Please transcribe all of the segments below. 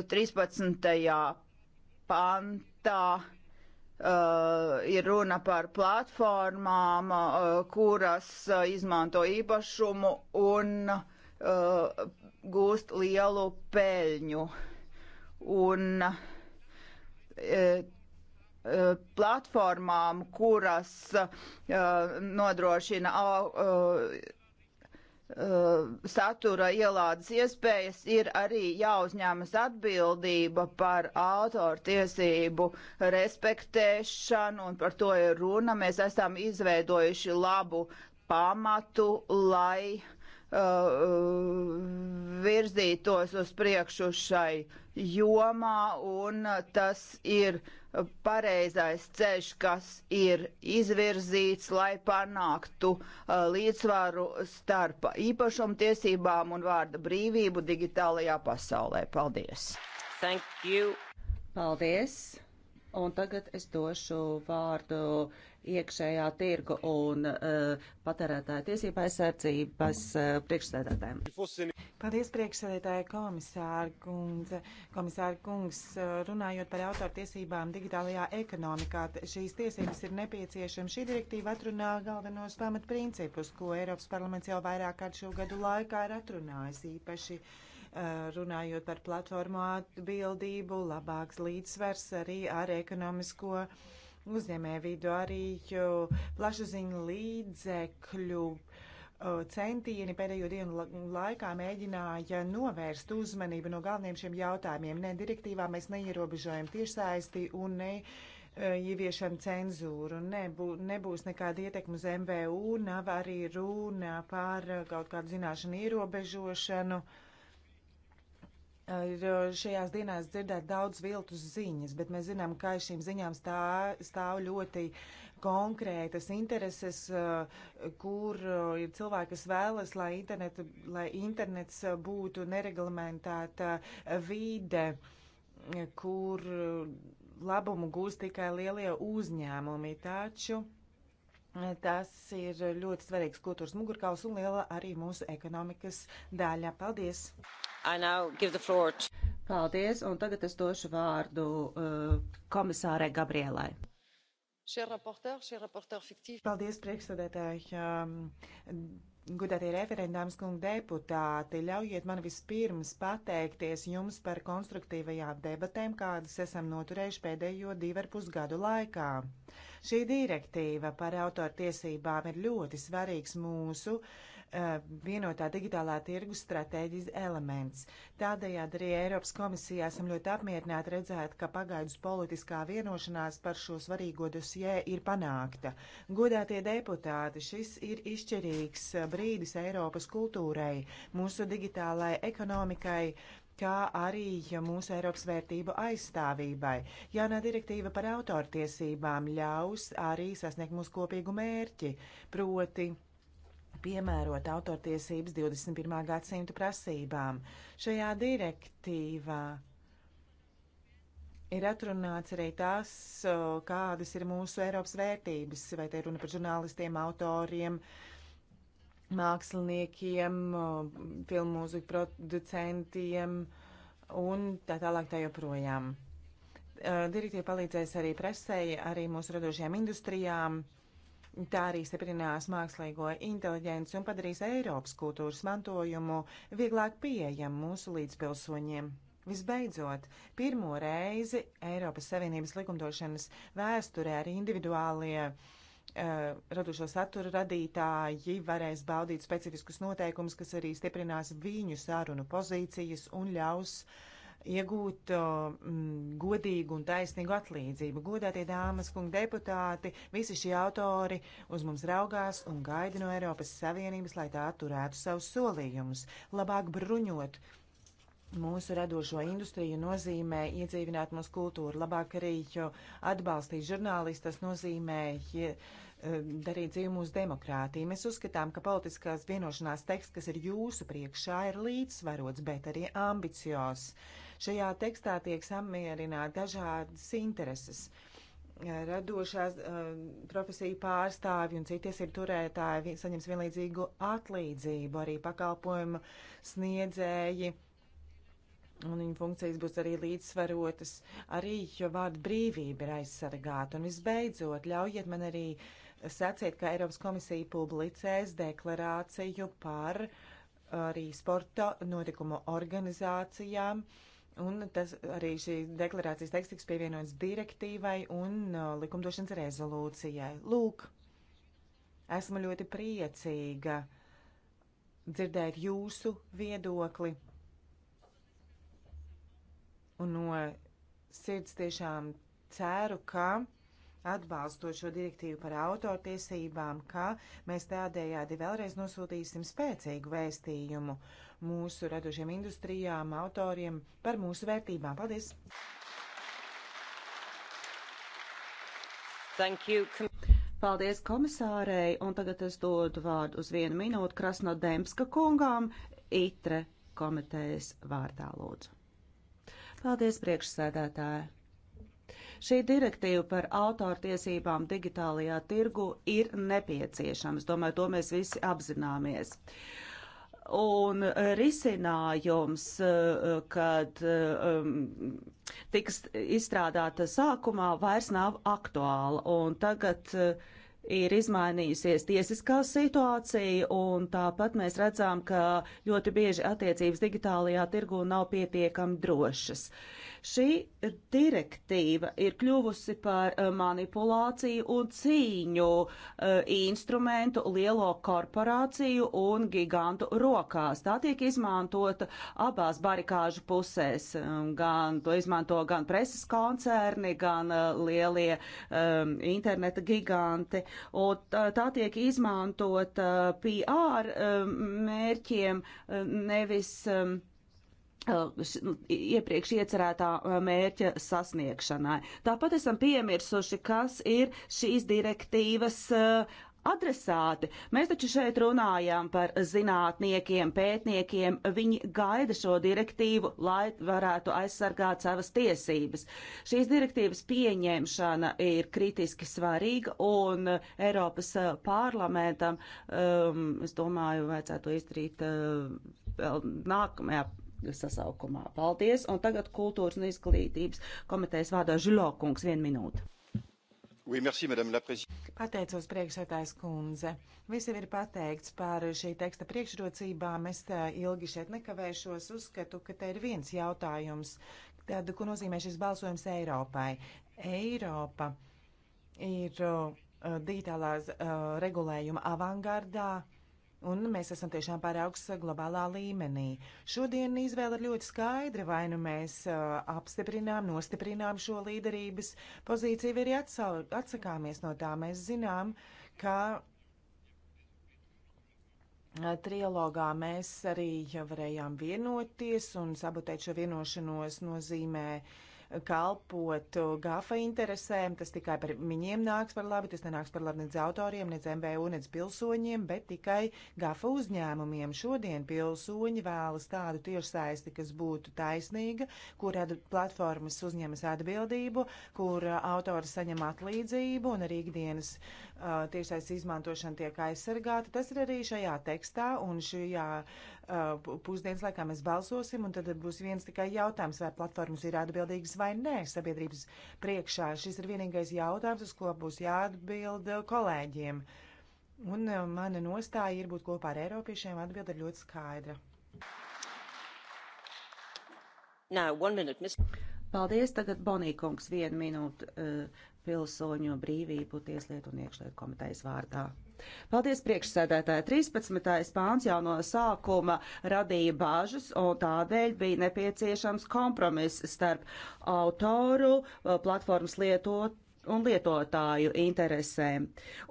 13. pantā uh, ir runa par platformām, uh, kuras uh, izmanto īpašumu un uh, gūst lielu peļņu. Un uh, uh platformām, kuras uh, nodrošina uh, Eh, satura ielādes iespējas, ir arī jāuzņemas atbildība par autortiesību respektēšanu, un par to ir runa. Mēs esam izveidojuši labu pamatu, lai uh, virzītos uz priekšu šai jomā, un tas ir uh, pareizais ceļš, kas ir izvirzīts, lai panāktu uh, līdzsvaru starp īpašumtiesībām un vārda brīvību digitālajā pasaulē. Paldies! Paldies! Un tagad es došu vārdu iekšējā tirgu un uh, patērētāja tiesība aizsardzības uh, priekšsēdētājiem. Paldies, priekšsēdētāja komisāra kundze. Komisāra kungs, eh, runājot par autortiesībām digitālajā ekonomikā, šīs tiesības ir nepieciešama. Šī direktīva atrunā galvenos pamatprincipus, ko Eiropas parlaments jau vairāk kārt šo gadu laikā ir atrunājis īpaši runājot par platformu atbildību, labāks līdzsvers arī ar ekonomisko uh, uzņēmē vidu, arī plašsaziņu līdzekļu centieni pēdējo dienu laikā mēģināja novērst uzmanību no galveniem šiem jautājumiem. Ne direktīvā mēs neierobežojam tiešsaisti un ne e, ieviešam cenzūru, Nebū, nebūs nekāda ietekma uz MVU, nav arī runa par e, kaut kādu zināšanu ierobežošanu. Uh, Ir eh, šajās dienās dzirdēt daudz viltus ziņas, bet mēs zinām, ka aiz šīm ziņām stā, stāv ļoti konkrētas intereses, eh, kur eh, ir cilvēki, kas vēlas, lai, internet, lai internets būtu nereglamentēta vīde, kur labumu gūs tikai lielie uzņēmumi. Taču Tas ir ļoti svarīgs kultūras mugurkauls un liela arī mūsu ekonomikas daļa. Paldies! Paldies, un tagad es došu vārdu uh, komisārai Gabrielai. Cher reporter, cher reporter Paldies, priekšsēdētāji. Um, Gudētie referendāms kungi deputāti, ļaujiet man vispirms pateikties jums par konstruktīvajām debatēm, kādas esam noturējuši pēdējo divu ar pusgadu laikā. Šī direktīva par autortiesībām ir ļoti svarīgs mūsu uh, Eh, vienotā digitālā tirgus stratēģijas elements. Tādējādi arī Eiropas komisijā esam ļoti apmierināti redzēt, ka pagaidus politiskā vienošanās par šo svarīgo dosjē ir panākta. Godātie deputāti, šis ir izšķirīgs brīdis Eiropas kultūrai, mūsu digitālai ekonomikai kā arī mūsu Eiropas vērtību aizstāvībai. Jaunā direktīva par autortiesībām ļaus arī sasniegt mūsu kopīgu mērķi, proti piemērot autortiesības 21. gadsimta prasībām. Šajā direktīvā ir atrunāts arī tas, kādas ir mūsu Eiropas vērtības, vai te runa par žurnālistiem, autoriem, māksliniekiem, filmu mūziku producentiem un tā tālāk tā joprojām. Direktīva palīdzēs arī presēji, arī mūsu radošajām industrijām Tā arī stiprinās mākslīgo inteliģenci un padarīs Eiropas kultūras mantojumu vieglāk pieejamu mūsu līdzpilsoņiem. Visbeidzot, pirmo reizi Eiropas Savienības likumdošanas vēsturē arī individuālie uh, radušo saturu radītāji varēs baudīt specifiskus noteikumus, kas arī stiprinās viņu sarunu pozīcijas un ļaus uh, iegūt uh, godīgu un taisnīgu atlīdzību. Godātie dāmas, kungi deputāti, visi šie autori uz mums raugās un gaida no Eiropas Savienības, lai tā atturētu savus solījumus, labāk bruņot. Mūsu radošo industriju nozīmē iedzīvināt mūsu kultūru, labāk arī atbalstīt žurnālistas nozīmē ja, e, darīt dzīvi mūsu demokrātiju. Mēs uzskatām, ka politiskās vienošanās teksts, kas ir jūsu priekšā, ir līdzsvarots, bet arī ambiciozs. Šajā tekstā tiek samierināt dažādas intereses. Eh, Radošās uh, eh, profesiju pārstāvji un cities ir turētāji saņems vienlīdzīgu atlīdzību, arī pakalpojumu sniedzēji, un viņu funkcijas būs arī līdzsvarotas, arī, jo vārda brīvība ir aizsargāta. Un visbeidzot, ļaujiet man arī sacīt, ka Eiropas komisija publicēs deklarāciju par eh, arī sporta notikumu organizācijām. Uh, Un tas arī šīs deklarācijas teksts tiks pievienots direktīvai un uh, likumdošanas rezolūcijai. Lūk, esmu ļoti priecīga dzirdēt jūsu viedokli. Un no sirds tiešām ceru, ka atbalstot šo direktīvu par autortiesībām, ka mēs tādējādi vēlreiz nosūtīsim spēcīgu vēstījumu mūsu radošiem industrijām, autoriem, par mūsu vērtībām. Paldies! Paldies komisārei, un tagad es dodu vārdu uz vienu minūtu Krasnodemska kungām ITRE komitejas vārdā lūdzu. Paldies, priekšsēdētāji! Šī direktīva par autortiesībām digitālajā tirgu ir nepieciešams. Domāju, to mēs visi apzināmies. Uh, un risinājums, eh, kad eh, mm, tiks izstrādāta sākumā, vairs nav aktuāla. Un tagad eh, ir izmainījusies tiesiskā situācija, un tāpat mēs redzam, ka ļoti bieži attiecības digitālajā tirgu nav pietiekami drošas. Uh, Šī direktīva ir kļuvusi par eh, manipulāciju un cīņu eh, instrumentu lielo korporāciju un gigantu rokās. Tā tiek izmantota abās barikāžu pusēs. Eh, gan to izmanto gan preses koncerni, gan lielie um, interneta giganti. Un tā tiek izmantota PR mērķiem, nevis um, Nu, iepriekš iecerētā mērķa sasniegšanai. Tāpat esam piemirsuši, kas ir šīs direktīvas adresāti. Mēs taču šeit runājam par zinātniekiem, pētniekiem. Viņi gaida šo direktīvu, lai varētu aizsargāt savas tiesības. Šīs direktīvas pieņemšana ir kritiski svarīga un Eiropas parlamentam, um, es domāju, vajadzētu izdarīt uh, vēl nākamajā sasaukumā. Paldies! Un tagad kultūras un izglītības komitejas vārdā Žilokungs, vienu minūtu. Oui, merci, Pateicos priekšsētājs kundze. Viss jau ir pateikts par šī teksta priekšrocībām. Es eh, ilgi šeit nekavēšos. Uzskatu, ka te ir viens jautājums. Tad, ko nozīmē šis balsojums Eiropai? Eiropa ir uh, digitālās uh, regulējuma avangardā. Uh, Un mēs esam tiešām pāraugs eh, globālā līmenī. Šodien izvēle ir ļoti skaidra, vai nu mēs uh, apstiprinām, nostiprinām šo līderības pozīciju, vai arī atsal, atsakāmies no tā. Mēs zinām, ka uh, trilogā mēs arī varējām vienoties, un sabotēt šo vienošanos nozīmē uh, kalpot GAFA interesēm. Tas tikai par viņiem nāks par labi, tas nenāks par labi nec autoriem, nec MVU, nec pilsoņiem, bet tikai GAFA uzņēmumiem. Šodien pilsoņi vēlas tādu tiešsaisti, kas būtu taisnīga, kur platformas uzņemas atbildību, kur autori saņem atlīdzību un arī ikdienas tiešais izmantošana tiek aizsargāta. Tas ir arī šajā tekstā un šajā pusdienas laikā mēs balsosim, un tad būs viens tikai jautājums, vai platformas ir atbildīgas vai nē sabiedrības priekšā. Šis ir vienīgais jautājums, uz ko būs jāatbild kolēģiem. Un mana nostāja ir būt kopā ar Eiropiešiem atbild ir ļoti skaidra. Now, one minute, Ms. Paldies, tagad Bonīkungs vienu minūtu e, pilsoņu brīvību, tieslietu un iekšlietu komitejas vārdā. Paldies priekšsēdētāji. 13. pāns jau no sākuma radīja bāžas, un tādēļ bija nepieciešams kompromiss starp autoru, e, platformas lietot un lietotāju interesēm.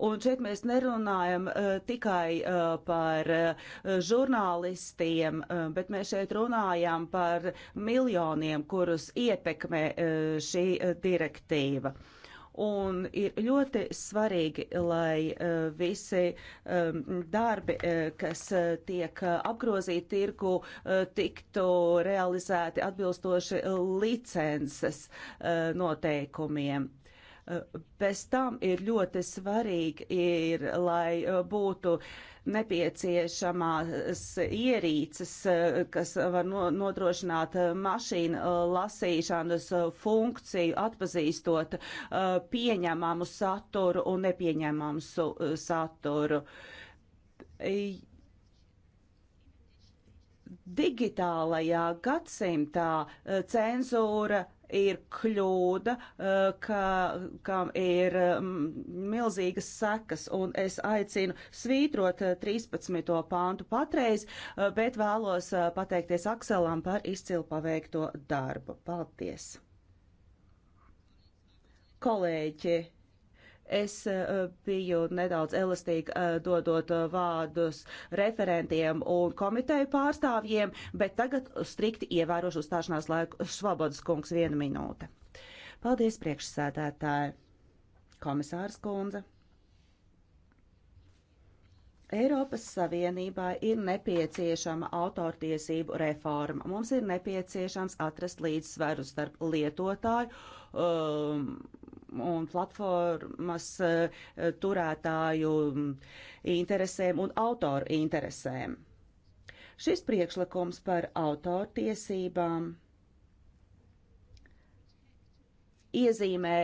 Un šeit mēs nerunājam uh, tikai uh, par uh, žurnālistiem, uh, bet mēs šeit runājam par miljoniem, kurus ietekmē uh, šī uh, direktīva. Un ir ļoti svarīgi, lai uh, visi um, darbi, uh, kas uh, tiek uh, apgrozīti tirgu, uh, tiktu realizēti atbilstoši licences uh, noteikumiem. Bez tam ir ļoti svarīgi, ir, lai uh, būtu nepieciešamās ierīces, uh, kas var nodrošināt uh, mašīnu lasīšanas funkciju, atpazīstot pieņemamu saturu un nepieņemamu saturu digitālajā gadsimtā cenzūra ir kļūda, eh, ka, kam ir mm, milzīgas sekas, un es aicinu svītrot 13. Eh, pāntu patreiz, eh, bet vēlos pateikties Akselam par izcilu paveikto darbu. Paldies! Kolēģi! Es eh, biju nedaudz elastīga eh, dodot eh, vārdus referentiem un komiteju pārstāvjiem, bet tagad strikti ievērošu uzstāšanās laiku Švabodas kungs vienu minūte. Paldies priekšsēdētāji. Komisārs kundze. Eiropas Savienībā ir nepieciešama autortiesību reforma. Mums ir nepieciešams atrast līdzsveru starp lietotāju um, un platformas eh, turētāju mm, interesēm un autoru interesēm. Šis priekšlikums par autortiesībām iezīmē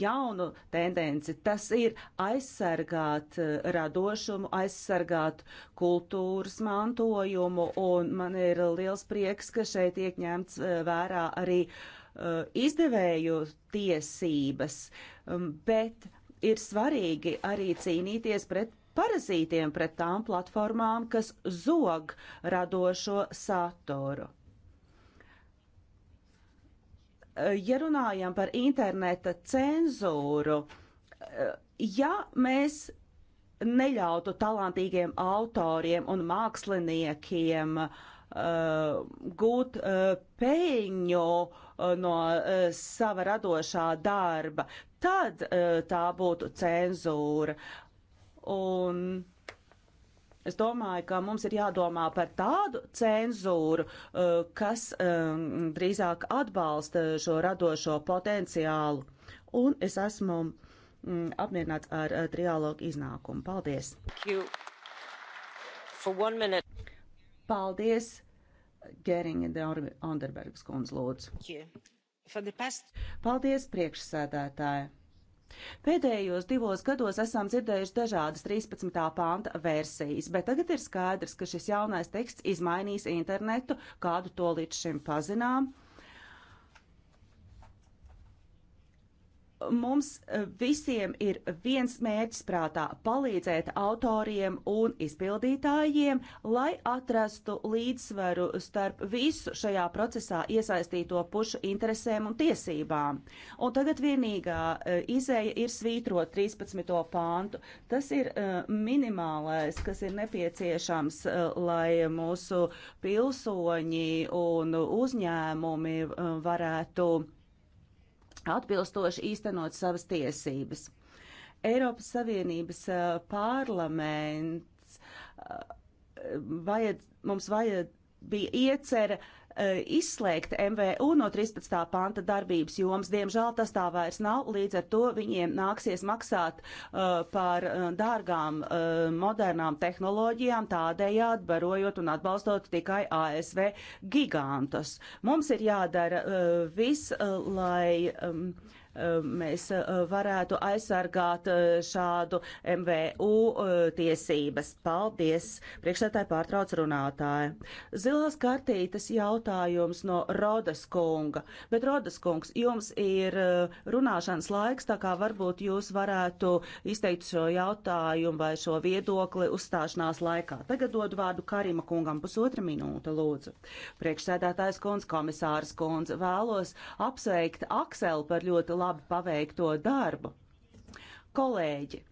jaunu tendenci. Tas ir aizsargāt eh, radošumu, aizsargāt kultūras mantojumu, un man ir liels prieks, ka šeit tiek ņemts eh, vērā arī uh, Eh, izdevēju tiesības, um, bet ir svarīgi arī cīnīties pret parazītiem, pret tām platformām, kas zog radošo saturu. Eh, ja runājam par interneta cenzūru, eh, ja mēs neļautu talantīgiem autoriem un māksliniekiem uh, uh, gūt uh, peļņu uh, no uh, sava radošā darba, tad uh, tā būtu cenzūra. Un es domāju, ka mums ir jādomā par tādu cenzūru, uh, kas um, drīzāk atbalsta šo radošo potenciālu. Un es esmu mm, apmierināts ar uh, trialogu iznākumu. Paldies! Thank you. For one minute. Paldies, Geringa Anderbergs kundz lūdzu. Paldies, priekšsēdētāja. Pēdējos divos gados esam dzirdējuši dažādas 13. panta versijas, bet tagad ir skaidrs, ka šis jaunais teksts izmainīs internetu, kādu to līdz šim pazinām, mums e, visiem ir viens mērķis prātā - palīdzēt autoriem un izpildītājiem, lai atrastu līdzsvaru starp visu šajā procesā iesaistīto pušu interesēm un tiesībām. Un tagad vienīgā e, izēja ir svītrot 13. pāntu. Tas ir e, minimālais, kas ir nepieciešams, lai mūsu pilsoņi un uzņēmumi varētu atbilstoši īstenot savas tiesības. Eiropas Savienības parlaments vajad, mums vajad, bija iecerēta Eh, izslēgt MVU no 13. panta darbības jomas. Diemžēl tas tā vairs nav, līdz ar to viņiem nāksies maksāt eh, par eh, dārgām modernām tehnoloģijām, tādējādi barojot un atbalstot tikai ASV gigantus. Mums ir jādara viss, lai. Um, Um, mēs uh, varētu aizsargāt uh, šādu MVU uh, tiesības. Paldies! Priekšsētāji pārtrauc runātāju. Zilās kartītes jautājums no Rodas kunga. Bet Rodas kungs, jums ir runāšanas laiks, tā kā varbūt jūs varētu izteikt šo jautājumu vai šo viedokli uzstāšanās laikā. Tagad dod vārdu Karima kungam pusotra minūte, lūdzu. Priekšsēdētājs kundze, komisārs kundze, vēlos apsveikt Akselu par ļoti labu labi paveikto darbu. Kolēģi,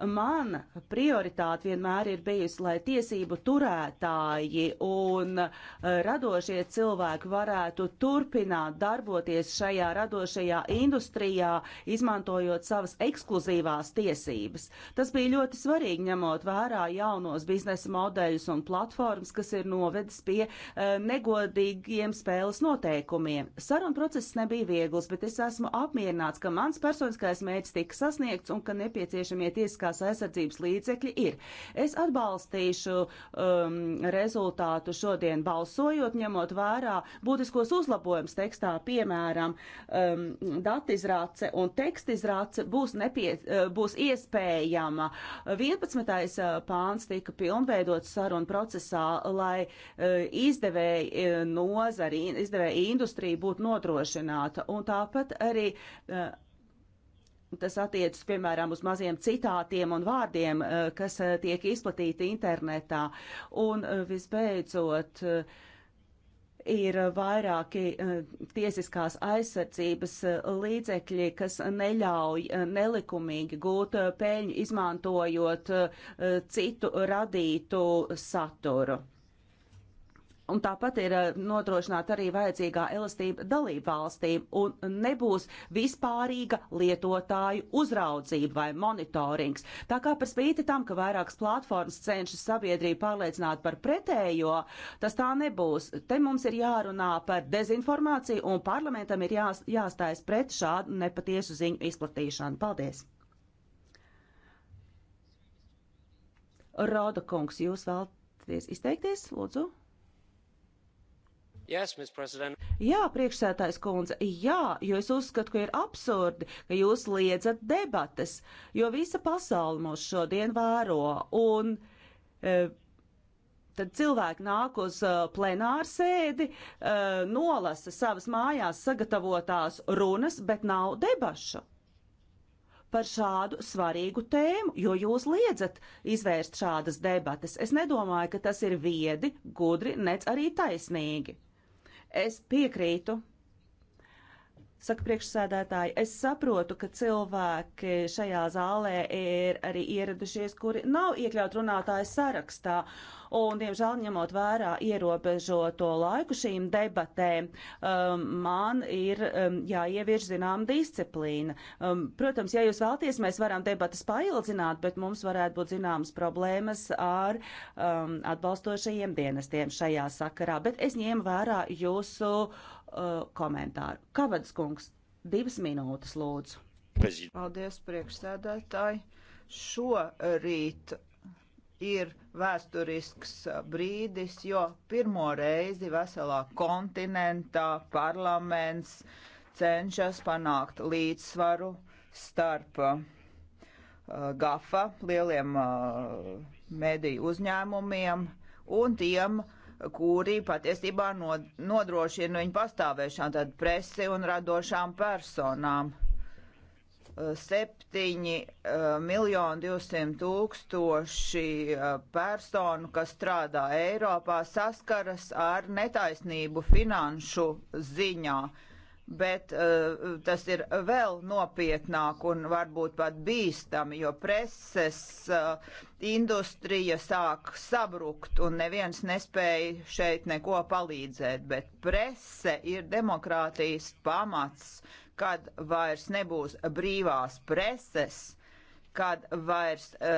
Mana prioritāte vienmēr ir bijusi, lai tiesību turētāji un uh, radošie cilvēki varētu turpināt darboties šajā radošajā industrijā, izmantojot savas ekskluzīvās tiesības. Tas bija ļoti svarīgi, ņemot vērā jaunos biznesa modeļus un platformas, kas ir novedis pie uh, negodīgiem spēles noteikumiem. Saruna process nebija viegls, bet es esmu apmierināts, ka mans personiskais mērķis tika sasniegts un ka nepieciešamie tiesiskā tiesiskās aizsardzības līdzekļi ir. Es atbalstīšu um, rezultātu šodien balsojot, ņemot vērā būtiskos uzlabojums tekstā, piemēram, um, datizrāce un tekstizrāce būs, nepie, uh, būs iespējama. 11. Uh, pāns tika pilnveidots sarunu procesā, lai uh, izdevēja uh, nozari, izdevēja industrija būtu nodrošināta. Un tāpat arī uh, Tas attiecas, piemēram, uz maziem citātiem un vārdiem, eh, kas eh, tiek izplatīti internetā. Un eh, visbeidzot, ir vairāki tiesiskās aizsardzības līdzekļi, kas neļauj nelikumīgi gūt peļņu, izmantojot citu radītu saturu. Un tāpat ir eh, nodrošināta arī vajadzīgā elastība dalību valstīm un nebūs vispārīga lietotāju uzraudzība vai monitorings. Tā kā par spīti tam, ka vairākas platformas cenšas sabiedrību pārliecināt par pretējo, tas tā nebūs. Te mums ir jārunā par dezinformāciju un parlamentam ir jās, jāstājas pret šādu nepatiesu ziņu izplatīšanu. Paldies! Roda kungs, jūs vēlaties izteikties, lūdzu? Yes, jā, priekšsētājs kundze, jā, jo es uzskatu, ka ir absurdi, ka jūs liedzat debates, jo visa pasaule mūs šodien vēro. Un, e, Tad cilvēki nāk uz uh, plenāru sēdi, uh, nolasa savas mājās sagatavotās runas, bet nav debašu par šādu svarīgu tēmu, jo jūs liedzat izvērst šādas debates. Es nedomāju, ka tas ir viedi, gudri, nec arī taisnīgi. Es piekrītu Saka priekšsēdētāji, es saprotu, ka cilvēki šajā zālē ir arī ieradušies, kuri nav iekļaut runātāju sarakstā. Un, diemžēl, ņemot vērā ierobežoto laiku šīm debatēm, um, man ir um, jāievieš zinām disciplīna. Um, protams, ja jūs vēlties, mēs varam debatas paildzināt, bet mums varētu būt zināmas problēmas ar um, atbalstošajiem dienestiem šajā sakarā. Bet es ņēmu vērā jūsu. Uh, uh, komentāru. Kavads kungs, divas minūtes lūdzu. Paldies, priekšsēdētāji. Šorīt ir vēsturisks brīdis, jo pirmo reizi veselā kontinentā parlaments cenšas panākt līdzsvaru starp uh, GAFA lieliem uh, mediju uzņēmumiem un tiem uh, kuri patiesībā nodrošina viņu pastāvēšanu, tad presi un radošām personām. 7 eh, eh, miljoni 200 tūkstoši eh, personu, kas strādā Eiropā, saskaras ar netaisnību finanšu ziņā. Uh, bet uh, tas ir vēl nopietnāk un varbūt pat bīstami, jo preses uh, industrija sāk sabrukt un neviens nespēja šeit neko palīdzēt, bet prese ir demokrātijas pamats, kad vairs nebūs brīvās preses kad vairs uh,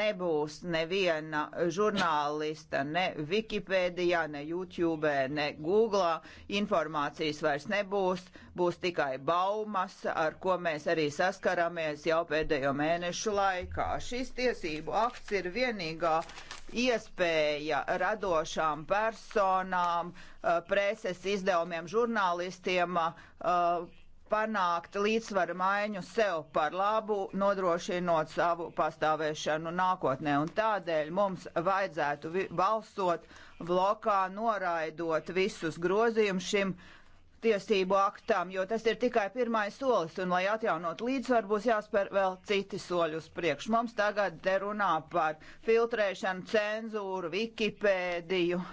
nebūs neviena žurnālista ne Wikipēdijā, ne YouTube, ne Google. Informācijas vairs nebūs, būs tikai baumas, ar ko mēs arī saskaramies jau pēdējo mēnešu laikā. Šis tiesību akts ir vienīgā iespēja radošām personām, uh, preses izdevumiem, žurnālistiem uh, panākt līdzsvaru maiņu sev par labu, nodrošinot savu pastāvēšanu nākotnē. Un tādēļ mums vajadzētu balsot blokā, noraidot visus grozījumus šim tiesību aktām, jo tas ir tikai pirmais solis, un lai atjaunot līdzsvaru, būs jāspēr vēl citi soļi uz priekšu. Mums tagad te runā par filtrēšanu, cenzūru, Wikipēdiju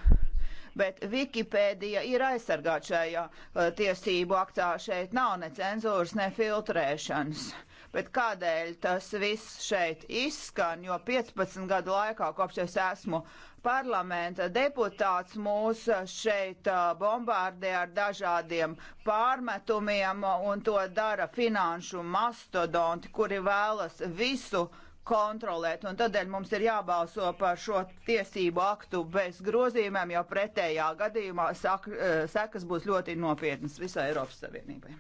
bet Wikipēdija ir aizsargāta šajā uh, tiesību aktā. Šeit nav ne cenzūras, ne filtrēšanas. Bet kādēļ tas viss šeit izskan, jo 15 gadu laikā, kopš es esmu parlamenta deputāts, mūs uh, šeit uh, bombārdē ar dažādiem pārmetumiem, uh, un to dara finanšu mastodonti, kuri vēlas visu kontrolēt. Un tādēļ mums ir jābalso par šo tiesību aktu bez grozījumiem, jo pretējā gadījumā sak, eh, sekas būs ļoti nopietnas visai Eiropas Savienībai.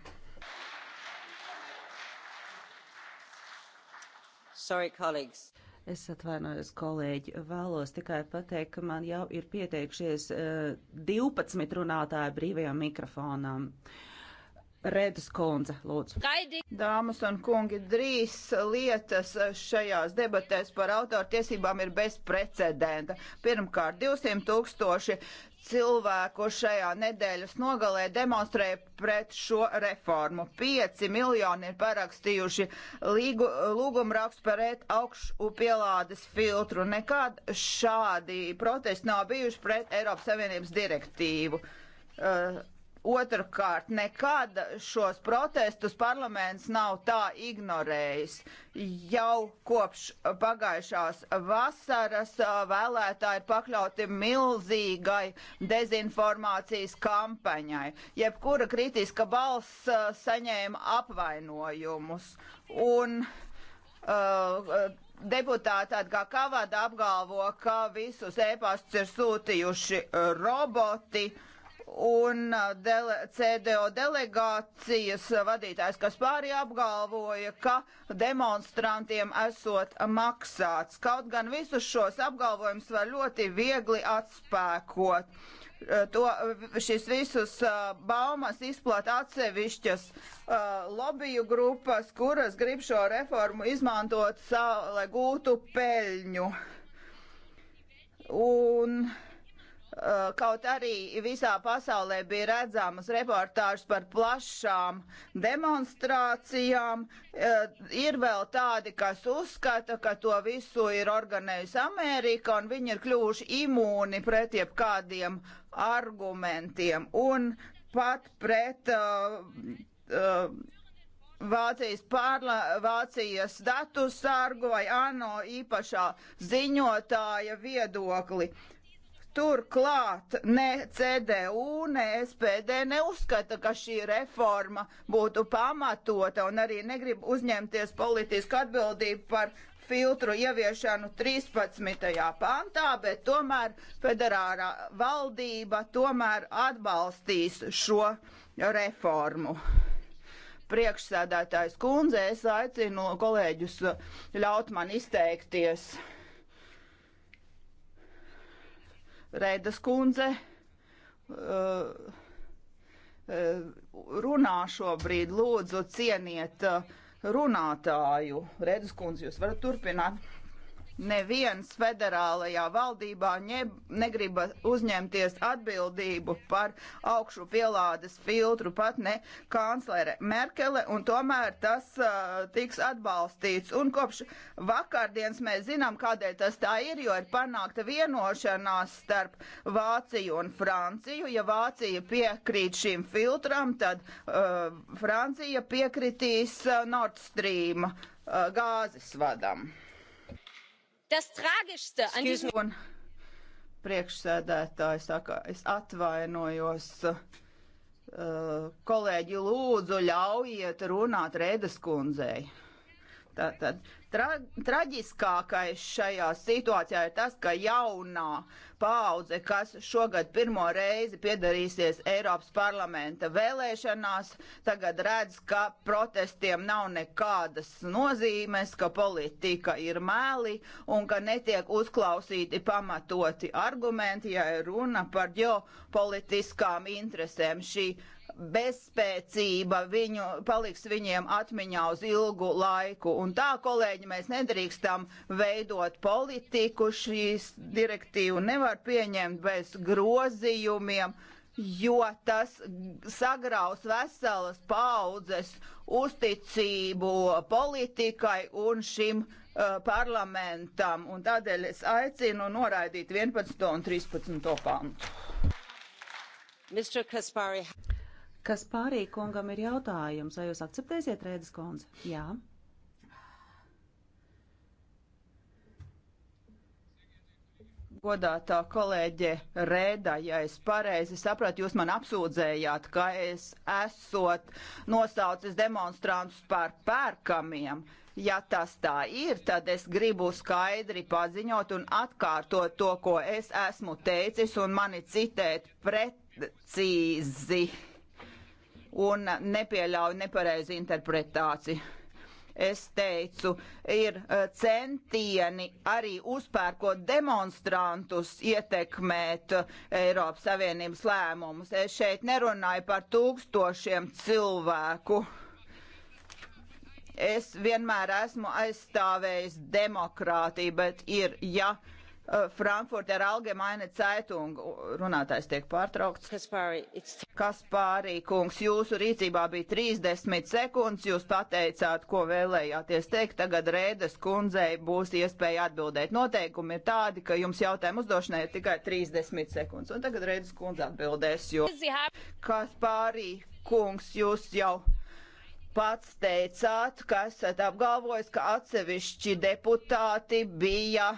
Sorry, colleagues. Es atvainojos, kolēģi, vēlos tikai pateikt, ka man jau ir pieteikšies uh, eh, 12 runātāji brīvajam mikrofonam. Uh, Rēdas kundze, lūdzu. Dāmas un kungi, drīz lietas šajās debatēs par autortiesībām ir bezprecedenta. Pirmkārt, 200 tūkstoši cilvēku šajā nedēļas nogalē demonstrēja pret šo reformu. 5 miljoni ir parakstījuši līgu, lūgumrakstu par augšu pielādes filtru. Nekad šādi protesti nav bijuši pret Eiropas Savienības direktīvu. Uh, Otrakārt, nekad šos protestus parlaments nav tā ignorējis. Jau kopš pagājušās vasaras vēlētāji ir pakļauti milzīgai dezinformācijas kampaņai. Jebkura kritiska balss saņēma apvainojumus. Un, uh, deputāti kā Kavada apgalvo, ka visus ēpastus ir sūtījuši roboti. Uh, un uh, dele, CDO delegācijas vadītājs Kaspāri apgalvoja, ka demonstrantiem esot maksāts. Kaut gan visus šos apgalvojumus var ļoti viegli atspēkot. Uh, to, šis visus uh, baumas izplata atsevišķas lobiju grupas, kuras grib šo reformu izmantot, savu, lai gūtu peļņu. Un Eh, kaut arī visā pasaulē bija redzamas reportāžas par plašām demonstrācijām, eh, ir vēl tādi, kas uzskata, ka to visu ir organizējusi Amerika un viņi ir kļuvuši imūni pret jebkādiem argumentiem un pat pret. Uh, uh, Vācijas, pārla, Vācijas datu sargu vai ANO īpašā ziņotāja viedokli. Uh, Turklāt ne CDU, ne SPD neuzskata, ka šī reforma būtu pamatota un arī negrib uzņemties politisku atbildību par filtru ieviešanu 13. pantā, bet tomēr federālā valdība tomēr atbalstīs šo reformu priekšsēdētājs kundze, es aicinu kolēģus ļaut man izteikties. Reidas kundze uh, runā šobrīd. Lūdzu, cieniet eh, runātāju. Redz, kundze, jūs varat turpināt neviens federālajā valdībā ne, negrib uzņemties atbildību par augšu pielādes filtru, pat ne kanclere Merkele, un tomēr tas uh, tiks atbalstīts. Un kopš vakardienas mēs zinām, kādēļ tas tā ir, jo ir panākta vienošanās starp Vāciju un Franciju. Ja Vācija piekrīt šim filtram, tad uh, Francija piekritīs uh, Nord Stream uh, gāzes vadam. Das Tragischste an diesem. Un priekšsēdētāji saka, es atvainojos. Uh, kolēģi, lūdzu, ļaujiet runāt Rēdas kundzei. Tātad Tra traģiskākais šajā situācijā ir tas, ka jaunā paudze, kas šogad pirmo reizi piedarīsies Eiropas parlamenta vēlēšanās, tagad redz, ka protestiem nav nekādas nozīmes, ka politika ir mēli un ka netiek uzklausīti pamatoti argumenti, ja runa par ģeopolitiskām interesēm. Šī bezspēcība viņu, paliks viņiem atmiņā uz ilgu laiku. Un tā, kolēģi, mēs nedrīkstam veidot politiku. Šīs direktīvu nevar pieņemt bez grozījumiem, jo tas sagraus veselas paudzes uzticību politikai un šim uh, parlamentam. Un tādēļ es aicinu noraidīt 11. un 13. pantu. Mr. Kaspari. Kas pārī kungam ir jautājums, vai jūs akceptēsiet Rēdas kundze? Jā. Godātā kolēģe Rēda, ja es pareizi sapratu, jūs man apsūdzējāt, ka es esot nosaucis demonstrantus par pērkamiem. Ja tas tā ir, tad es gribu skaidri paziņot un atkārtot to, ko es esmu teicis un mani citēt precīzi un nepieļauj nepareizu interpretāciju. Es teicu, ir e, centieni arī uzpērkot demonstrantus ietekmēt e, Eiropas Savienības lēmumus. Es šeit nerunāju par tūkstošiem cilvēku es vienmēr esmu aizstāvējis demokrātiju, bet ir, ja Uh, Frankfurter Allgemeine Zeitung runātājs tiek pārtraukts. Kaspārī, Kaspārī kungs, jūsu rīcībā bija 30 sekundes, jūs pateicāt, ko vēlējāties teikt. Tagad Rēdas kundzei būs iespēja atbildēt. Noteikumi ir tādi, ka jums jautājumu uzdošanai ir tikai 30 sekundes. Un tagad Rēdas kundze atbildēs, jo Kaspārī kungs, jūs jau pats teicāt, ka esat apgalvojis, ka atsevišķi deputāti bija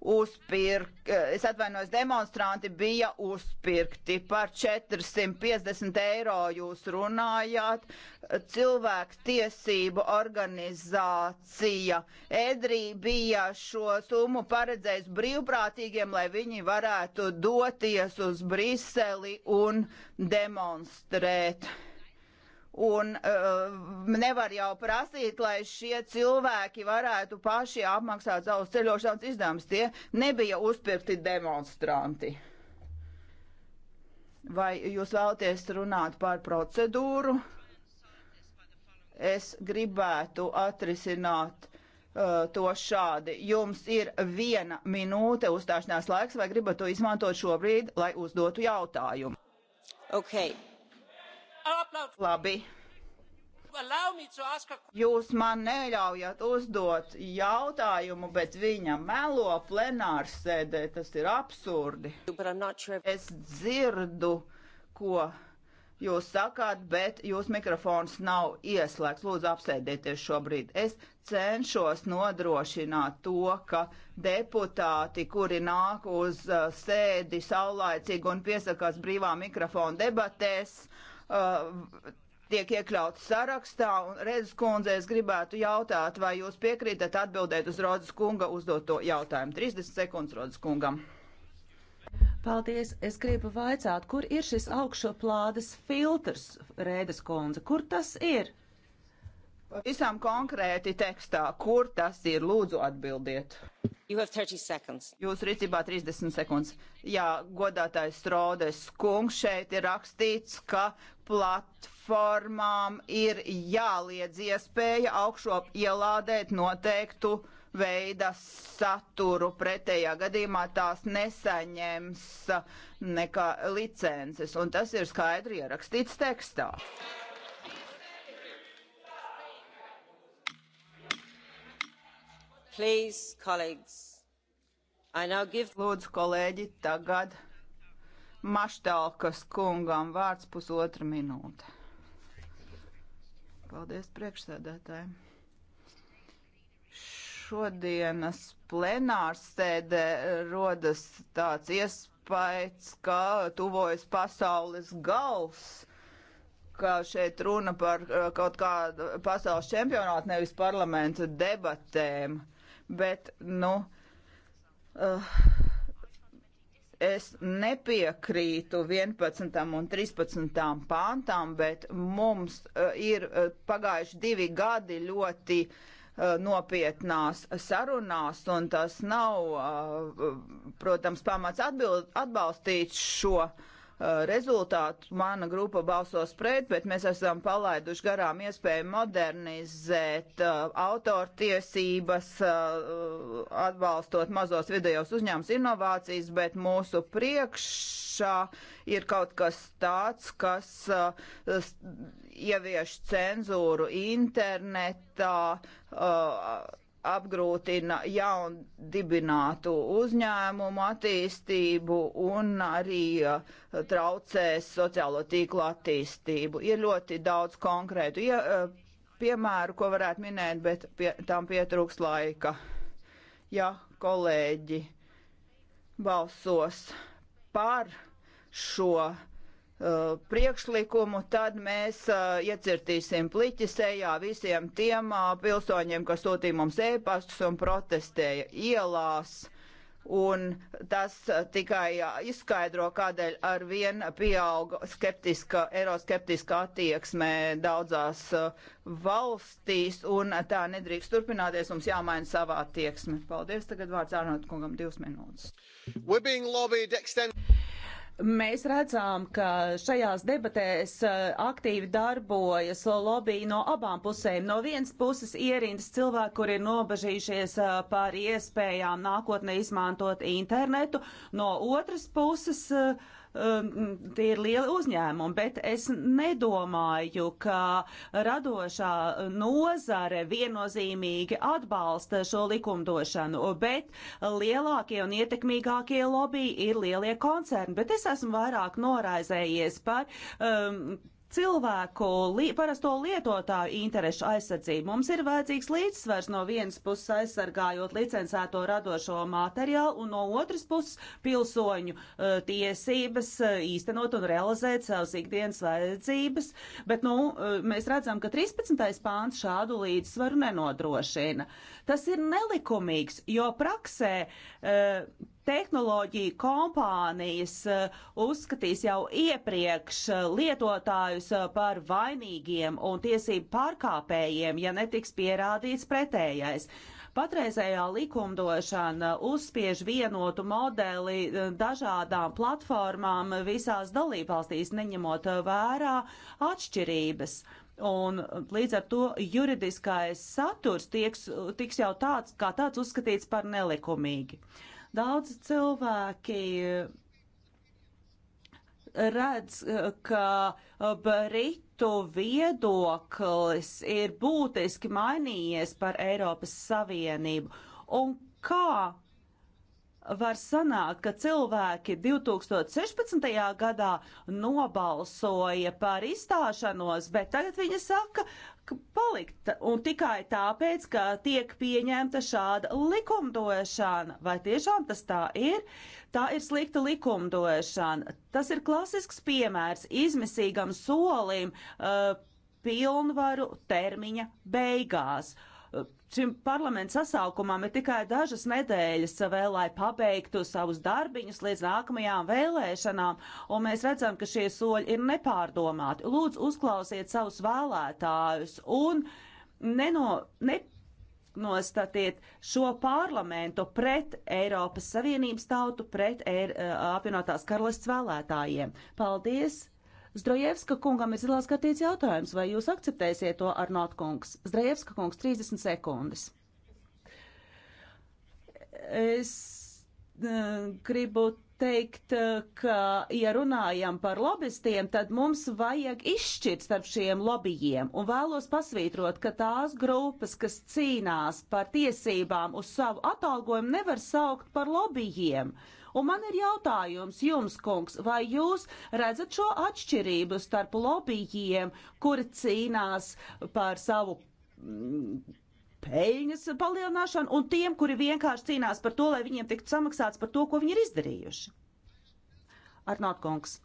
uzpirkt, eh, es atvainojos, demonstranti bija uzpirkti par 450 eiro jūs runājāt. Cilvēku tiesību organizācija Edrī bija šo summu paredzējis brīvprātīgiem, lai viņi varētu doties uz Briseli un demonstrēt. Un uh, nevar jau prasīt, lai šie cilvēki varētu paši apmaksāt savus ceļošanas izdevumus. Tie nebija uzpirkti demonstranti. Vai jūs vēlaties runāt par procedūru? Es gribētu atrisināt uh, to šādi. Jums ir viena minūte uzstāšanās laiks, vai gribat to izmantot šobrīd, lai uzdotu jautājumu? Okay. Labi. Jūs man neļaujat uzdot jautājumu, bet viņa melo plenārs sēdē. Tas ir absurdi. Es dzirdu, ko jūs sakāt, bet jūs mikrofons nav ieslēgts. Lūdzu, apsēdieties šobrīd. Es cenšos nodrošināt to, ka deputāti, kuri nāk uz uh, sēdi saulaicīgi un piesakās brīvā mikrofona debatēs, uh, uh, tiek iekļauts sarakstā. Un Rezes kundze, es gribētu jautāt, vai jūs piekrītat atbildēt uz Rodas kunga uzdoto jautājumu. 30 sekundes Rodas kungam. Paldies! Es gribu vaicāt, kur ir šis augšuplādes filtrs, Rēdes kundze? Kur tas ir? Visam konkrēti tekstā, kur tas ir, lūdzu atbildiet. Jūsu rīcībā 30 sekundes. Jā, godātais Strodes kungs šeit ir rakstīts, ka platformām ir jāliedz iespēja augšop ielādēt noteiktu veida saturu. Pretējā gadījumā tās nesaņems nekā licences, un tas ir skaidri ierakstīts tekstā. Please, colleagues, I now give... Lūdzu, kolēģi, tagad Maštalkas kungam vārds pusotra minūte. Paldies priekšsēdētājiem. Šodienas plenārsēdē rodas tāds iespējas, ka tuvojas pasaules gals ka šeit runa par uh, kaut kādu pasaules čempionātu, nevis parlamentu debatēm. Bet, nu, uh, es nepiekrītu 11. un 13. pāntām, bet mums e, ir e, pagājuši divi gadi ļoti e, nopietnās sarunās, un tas nav, protams, pamats atbild, atbalstīt šo uh, Eh, rezultātu. Mana grupa balsos pret, bet mēs esam palaiduši garām iespēju modernizēt eh, autortiesības, eh, atbalstot mazos vidējos uzņēmums inovācijas, bet mūsu priekšā ir kaut kas tāds, kas ievieš cenzūru internetā, apgrūtina jaundibinātu uzņēmumu attīstību un arī uh, traucē sociālo tīklu attīstību. Ir ļoti daudz konkrētu ja, uh, piemēru, ko varētu minēt, bet pie, tam pietrūks laika. Ja kolēģi balsos par šo priekšlikumu, tad mēs uh, iecirtīsim pliķi sejā visiem tiem uh, pilsoņiem, kas sūtīja mums ēpastus un protestēja ielās. Un tas uh, tikai izskaidro, kādēļ ar vien pieauga skeptiska, eiroskeptiska attieksme daudzās valstīs, un tā nedrīkst turpināties, mums jāmaina savā attieksme. Paldies, tagad vārds Arnot kungam divas minūtes. Mēs redzam, ka šajās debatēs eh, aktīvi darbojas lobby no abām pusēm. No vienas puses ierindas cilvēki, kur ir nobežījušies eh, par iespējām nākotnē izmantot internetu, no otras puses uh, Um, tie ir lieli uzņēmumi, bet es nedomāju, ka radošā nozare viennozīmīgi atbalsta šo likumdošanu, bet lielākie un ietekmīgākie lobby ir lielie koncerni, bet es esmu vairāk noraizējies par um, cilvēku, li, parasto lietotāju interešu aizsardzību. Mums ir vajadzīgs līdzsvars no vienas puses aizsargājot licencēto radošo materiālu un no otras puses pilsoņu uh, tiesības uh, īstenot un realizēt savas ikdienas vajadzības. Bet, nu, uh, mēs redzam, ka 13. pāns šādu līdzsvaru nenodrošina. Tas ir nelikumīgs, jo praksē uh, tehnoloģiju kompānijas eh, uzskatīs jau iepriekš eh, lietotājus eh, par vainīgiem un tiesību pārkāpējiem, ja netiks pierādīts pretējais. Patreizējā likumdošana uzspiež vienotu modeli dažādām platformām visās dalībvalstīs, neņemot vērā atšķirības. Un līdz ar to juridiskais saturs tieks, tiks jau tāds, kā tāds uzskatīts par nelikumīgi. Uh, Daudz cilvēki eh, redz, eh, ka eh, Britu viedoklis ir būtiski mainījies par Eiropas Savienību. Un kā var sanākt, ka cilvēki 2016. gadā nobalsoja par izstāšanos, bet tagad viņa saka, ka palikt un tikai tāpēc, ka tiek pieņemta šāda likumdošana. Vai tiešām tas tā ir? Tā ir slikta likumdošana. Tas ir klasisks piemērs izmisīgam solim. Uh, pilnvaru termiņa beigās. Uh, šim parlamentu sasaukumam ir tikai dažas nedēļas vēl, lai pabeigtu savus darbiņus līdz nākamajām vēlēšanām, un mēs redzam, ka šie soļi ir nepārdomāti. Lūdzu, uzklausiet savus vēlētājus un neno, ne, nostatiet šo parlamentu pret Eiropas Savienības tautu, pret Eir, apvienotās karalists vēlētājiem. Paldies! Zdrojevska kungam ir zilās kartīts jautājums, vai jūs akceptēsiet to ar notkungs? Zdrojevska kungs, 30 sekundes. Es eh, gribu teikt, eh, ka, ja runājam par lobbystiem, tad mums vajag izšķirt starp šiem lobbyiem un vēlos pasvītrot, ka tās grupas, kas cīnās par tiesībām uz savu atalgojumu, nevar saukt par lobbyiem. Uh, Un man ir jautājums jums, kungs, vai jūs redzat šo atšķirību starp lobbyjiem, kuri cīnās par savu mm, peļņas palielināšanu, un tiem, kuri vienkārši cīnās par to, lai viņiem tiktu samaksāts par to, ko viņi ir izdarījuši? Arnot kungs.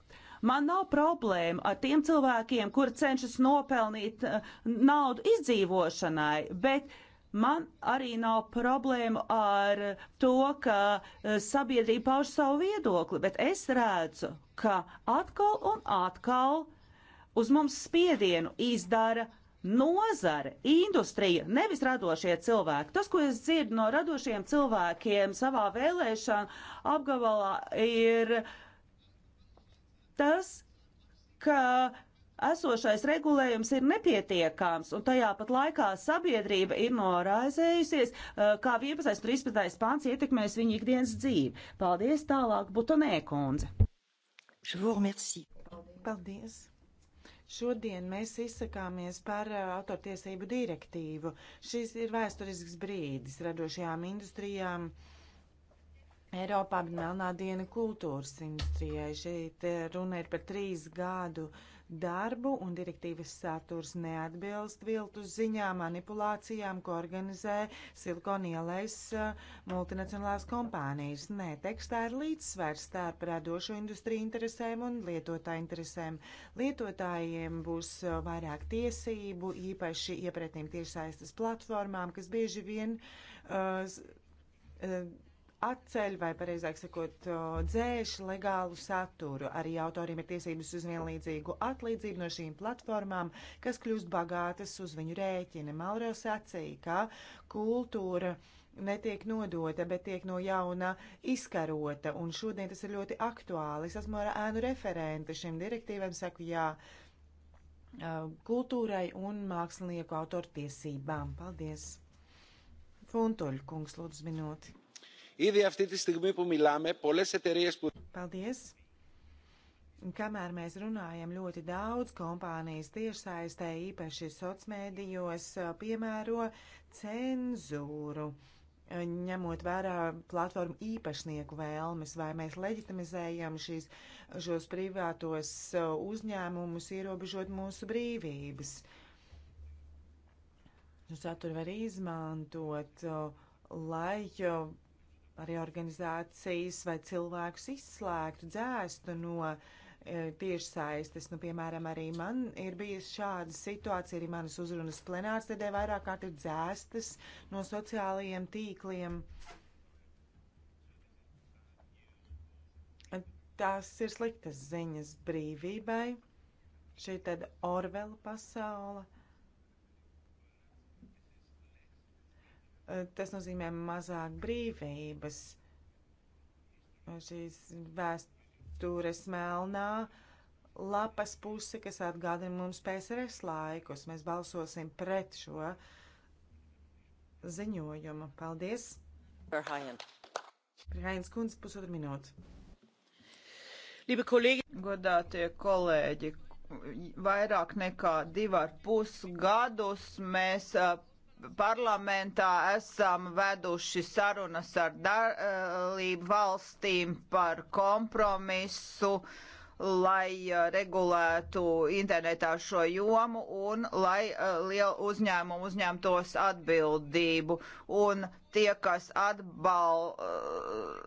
Man nav problēma ar tiem cilvēkiem, kuri cenšas nopelnīt eh, naudu izdzīvošanai, bet uh, Man arī nav problēmu ar to, ka e, sabiedrība pauž savu viedokli, bet es redzu, ka atkal un atkal uz mums spiedienu izdara nozare, industrija, nevis radošie cilvēki. Tas, ko es dzirdu no radošiem cilvēkiem savā vēlēšana apgabalā, ir tas, ka esošais regulējums ir nepietiekams, un tajā pat laikā sabiedrība ir noraizējusies, eh, kā 11. un 13. pāns ietekmēs viņu ikdienas dzīvi. Paldies tālāk, Butonē kundze. Paldies! Šodien mēs izsakāmies par eh, autortiesību direktīvu. Šis ir vēsturisks brīdis radošajām industrijām. Eiropā, bet melnā diena kultūras industrijai. Šeit eh, runa ir par trīs gadu uh, darbu, un direktīvas saturs neatbilst viltus ziņām, manipulācijām, ko organizē silikonielais uh, multinacionālās kompānijas. Nē, tekstā ir līdzsvers starp radošo industriju interesēm un lietotāju interesēm. Lietotājiem būs uh, vairāk tiesību, īpaši iepratniem tiešsaistes platformām, kas bieži vien uh, uh, atceļ vai, pareizāk sakot, dzēš legālu saturu. Arī autoriem ir tiesības uz vienlīdzīgu atlīdzību no šīm platformām, kas kļūst bagātas uz viņu rēķina. Mauro sacīja, ka kultūra netiek nodota, bet tiek no jauna izkarota, un šodien tas ir ļoti aktuāli. Es esmu ar ēnu referente šim direktīvam, saku jā kultūrai un mākslinieku autortiesībām. Paldies! Funtoļkungs, lūdzu, minūti. Ήδη αυτή τη στιγμή που μιλάμε, πολλές εταιρείες που... Paldies. Kamēr mēs runājam, ļoti daudz kompānijas tiešsaistē, īpaši socmēdījos, piemēro cenzūru, ņemot vērā platformu īpašnieku vēlmes, vai mēs leģitimizējam šīs, šos privātos uzņēmumus, ierobežot mūsu brīvības. Saturu var izmantot, lai arī organizācijas vai cilvēkus izslēgtu, dzēstu no e, tiešsaistes. Nu, piemēram, arī man ir bijusi šāda situācija, arī manas uzrunas plenārs tēdē vairāk kārt ir dzēstas no sociālajiem tīkliem. Tās ir sliktas ziņas brīvībai. Šī tad Orvela pasaule. Eh, tas nozīmē mazāk brīvības. Eh, šīs vēstures melnā lapas puse, kas atgādina mums PSRS laikus. Mēs balsosim pret šo ziņojumu. Paldies! Verhaien. Verhaien skundze, pusotru minūtu. Godātie kolēģi, vairāk nekā divar pusgadus mēs eh, parlamentā esam veduši sarunas ar dalību valstīm par kompromisu, lai uh, regulētu internetā šo jomu un lai uh, lielu uzņēmumu uzņemtos atbildību. Un tie, kas atbal. Uh,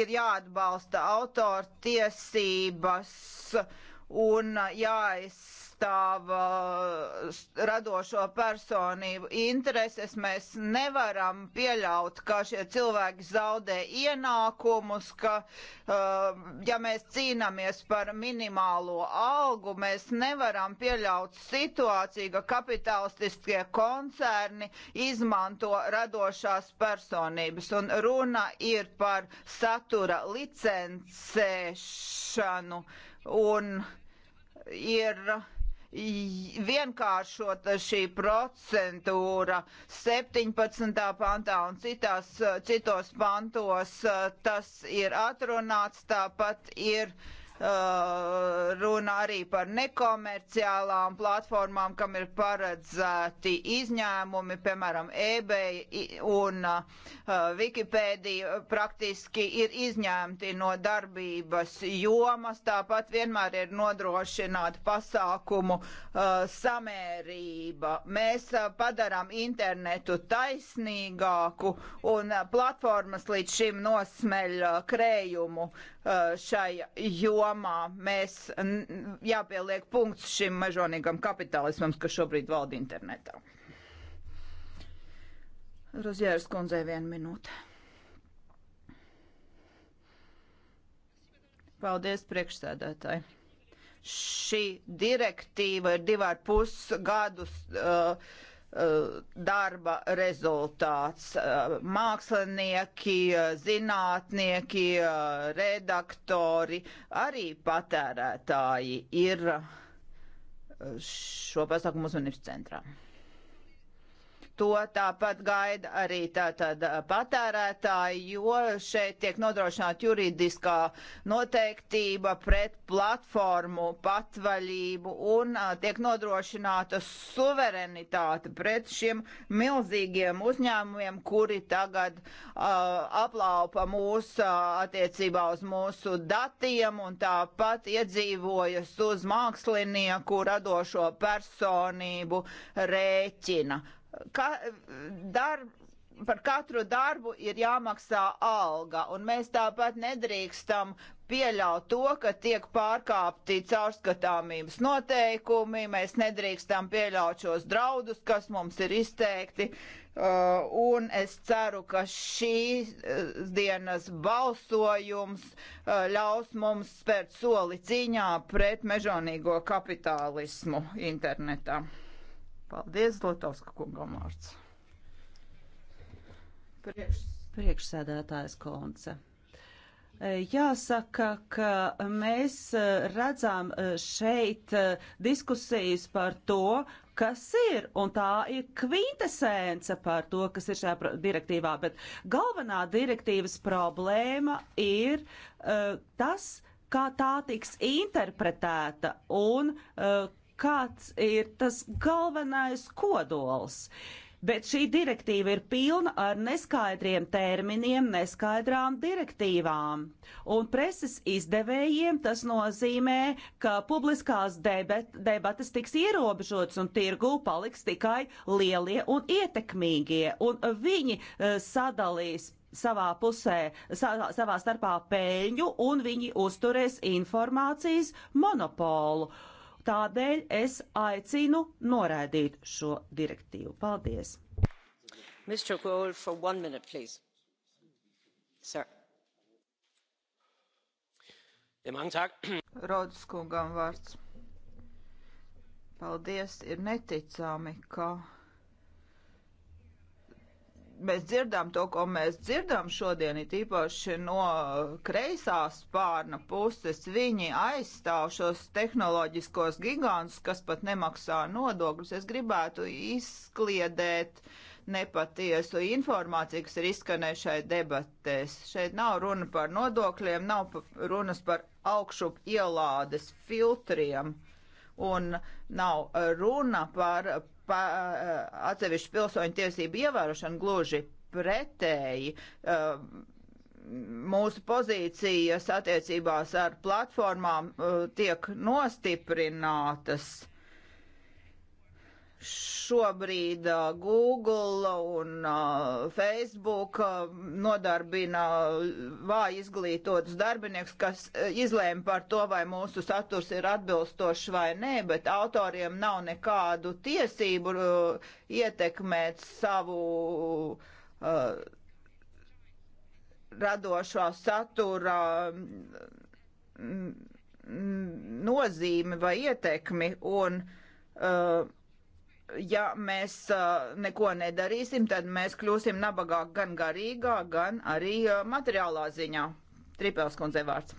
ir jāatbalsta autortiesības, uh, un jāizstāv uh, radošo personību intereses. Mēs nevaram pieļaut, ka šie cilvēki zaudē ienākumus, ka, uh, ja mēs cīnāmies par minimālo algu, mēs nevaram pieļaut situāciju, ka kapitalistiskie koncerni izmanto radošās personības. Un runa ir par satura licencēšanu un ir vienkāršota šī procentūra 17. pantā un citās, citos pantos tas ir atrunāts, tāpat ir uh, Eh, runa arī par nekomerciālām platformām, kam ir paredzēti izņēmumi, piemēram, eBay un eh, Wikipēdija praktiski ir izņemti no darbības jomas, tāpat vienmēr ir nodrošināta pasākumu eh, samērība. Mēs padarām internetu taisnīgāku un platformas līdz šim nosmeļ krējumu. Uh, šai jomā. Mēs jāpieliek punkts šim mežonīgam kapitālismam, kas šobrīd valda internetā. Rozjēras kundzei vienu minūti. Paldies, priekšsēdētāji. Šī direktīva ir divi ar pus gadus. Uh, Eh, darba rezultāts. Eh, mākslinieki, eh, zinātnieki, redaktori, arī patērētāji ir šo pasākumu uzmanības centrā. To tāpat gaida arī tātad patērētāji, jo šeit tiek nodrošināta juridiskā noteiktība pret platformu patvaļību un tiek nodrošināta suverenitāte pret šiem milzīgiem uzņēmumiem, kuri tagad uh, aplaupa mūs uh, attiecībā uz mūsu datiem un tāpat iedzīvojas uz mākslinieku radošo personību rēķina ka, darb, par katru darbu ir jāmaksā alga, un mēs tāpat nedrīkstam pieļaut to, ka tiek pārkāpti caurskatāmības noteikumi, mēs nedrīkstam pieļaut šos draudus, kas mums ir izteikti, uh, un es ceru, ka šīs uh, dienas balsojums uh, ļaus mums spērt soli cīņā pret mežonīgo kapitālismu internetā. Paldies, Latovska kungam vārds. Priekš. Priekšsēdētājs Konce. E, jāsaka, ka mēs e, redzam e, šeit diskusijas par to, kas ir, un tā ir kvintesence par to, kas ir šajā direktīvā, bet galvenā direktīvas problēma ir uh, tas, kā tā tiks interpretēta un uh, kāds ir tas galvenais kodols. Bet šī direktīva ir pilna ar neskaidriem terminiem, neskaidrām direktīvām. Un preses izdevējiem tas nozīmē, ka publiskās debet, debatas tiks ierobežotas un tirgū paliks tikai lielie un ietekmīgie. Un viņi uh, sadalīs savā pusē, sa, savā starpā pēļņu un viņi uzturēs informācijas monopolu. Uh, Tādēļ es aicinu noraidīt šo direktīvu. Paldies! Gould, minute, Rodas kungam vārds. Paldies, ir neticami, ka mēs dzirdam to, ko mēs dzirdam šodien, it īpaši no kreisā spārna puses, viņi aizstāv šos tehnoloģiskos gigantus, kas pat nemaksā nodokļus. Es gribētu izkliedēt nepatiesu informāciju, kas ir izskanējušai debatēs. Šeit nav runa par nodokļiem, nav runas par augšup ielādes filtriem un nav runa par pa, eh, atsevišķu pilsoņu tiesību ievērošanu gluži pretēji. Uh, mūsu pozīcijas attiecībās ar platformām uh, tiek nostiprinātas. Šobrīd uh, Google un uh, Facebook uh, nodarbina vāji izglītotus darbiniekus, kas izlēma par to, vai mūsu saturs ir atbilstošs vai nē, bet autoriem nav nekādu tiesību ietekmēt savu uh, radošā satura mm, mm, nozīmi vai ietekmi un uh, ja mēs neko nedarīsim, tad mēs kļūsim nabagāk gan garīgā, gan arī materiālā ziņā. Tripels kundze vārds.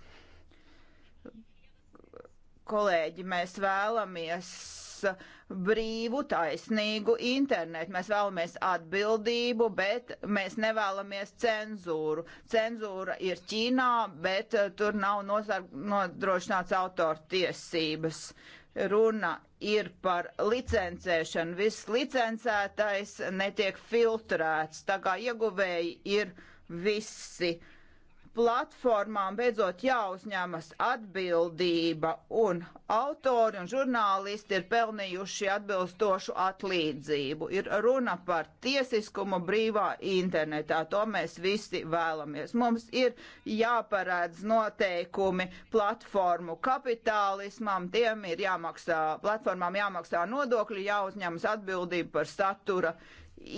Kolēģi, mēs vēlamies brīvu, taisnīgu internetu. Mēs vēlamies atbildību, bet mēs nevēlamies cenzūru. Cenzūra ir Ķīnā, bet tur nav nodrošināts autortiesības. Uh, Runa ir par licencēšanu. Viss licencētais netiek filtrēts, tā kā ieguvēji ir visi platformām beidzot jāuzņemas atbildība, un autori un žurnālisti ir pelnījuši atbilstošu atlīdzību. Ir runa par tiesiskumu brīvā internetā, to mēs visi vēlamies. Mums ir jāparēdz noteikumi platformu kapitālismam, tiem ir jāmaksā, platformām jāmaksā nodokļi, jāuzņemas atbildība par satura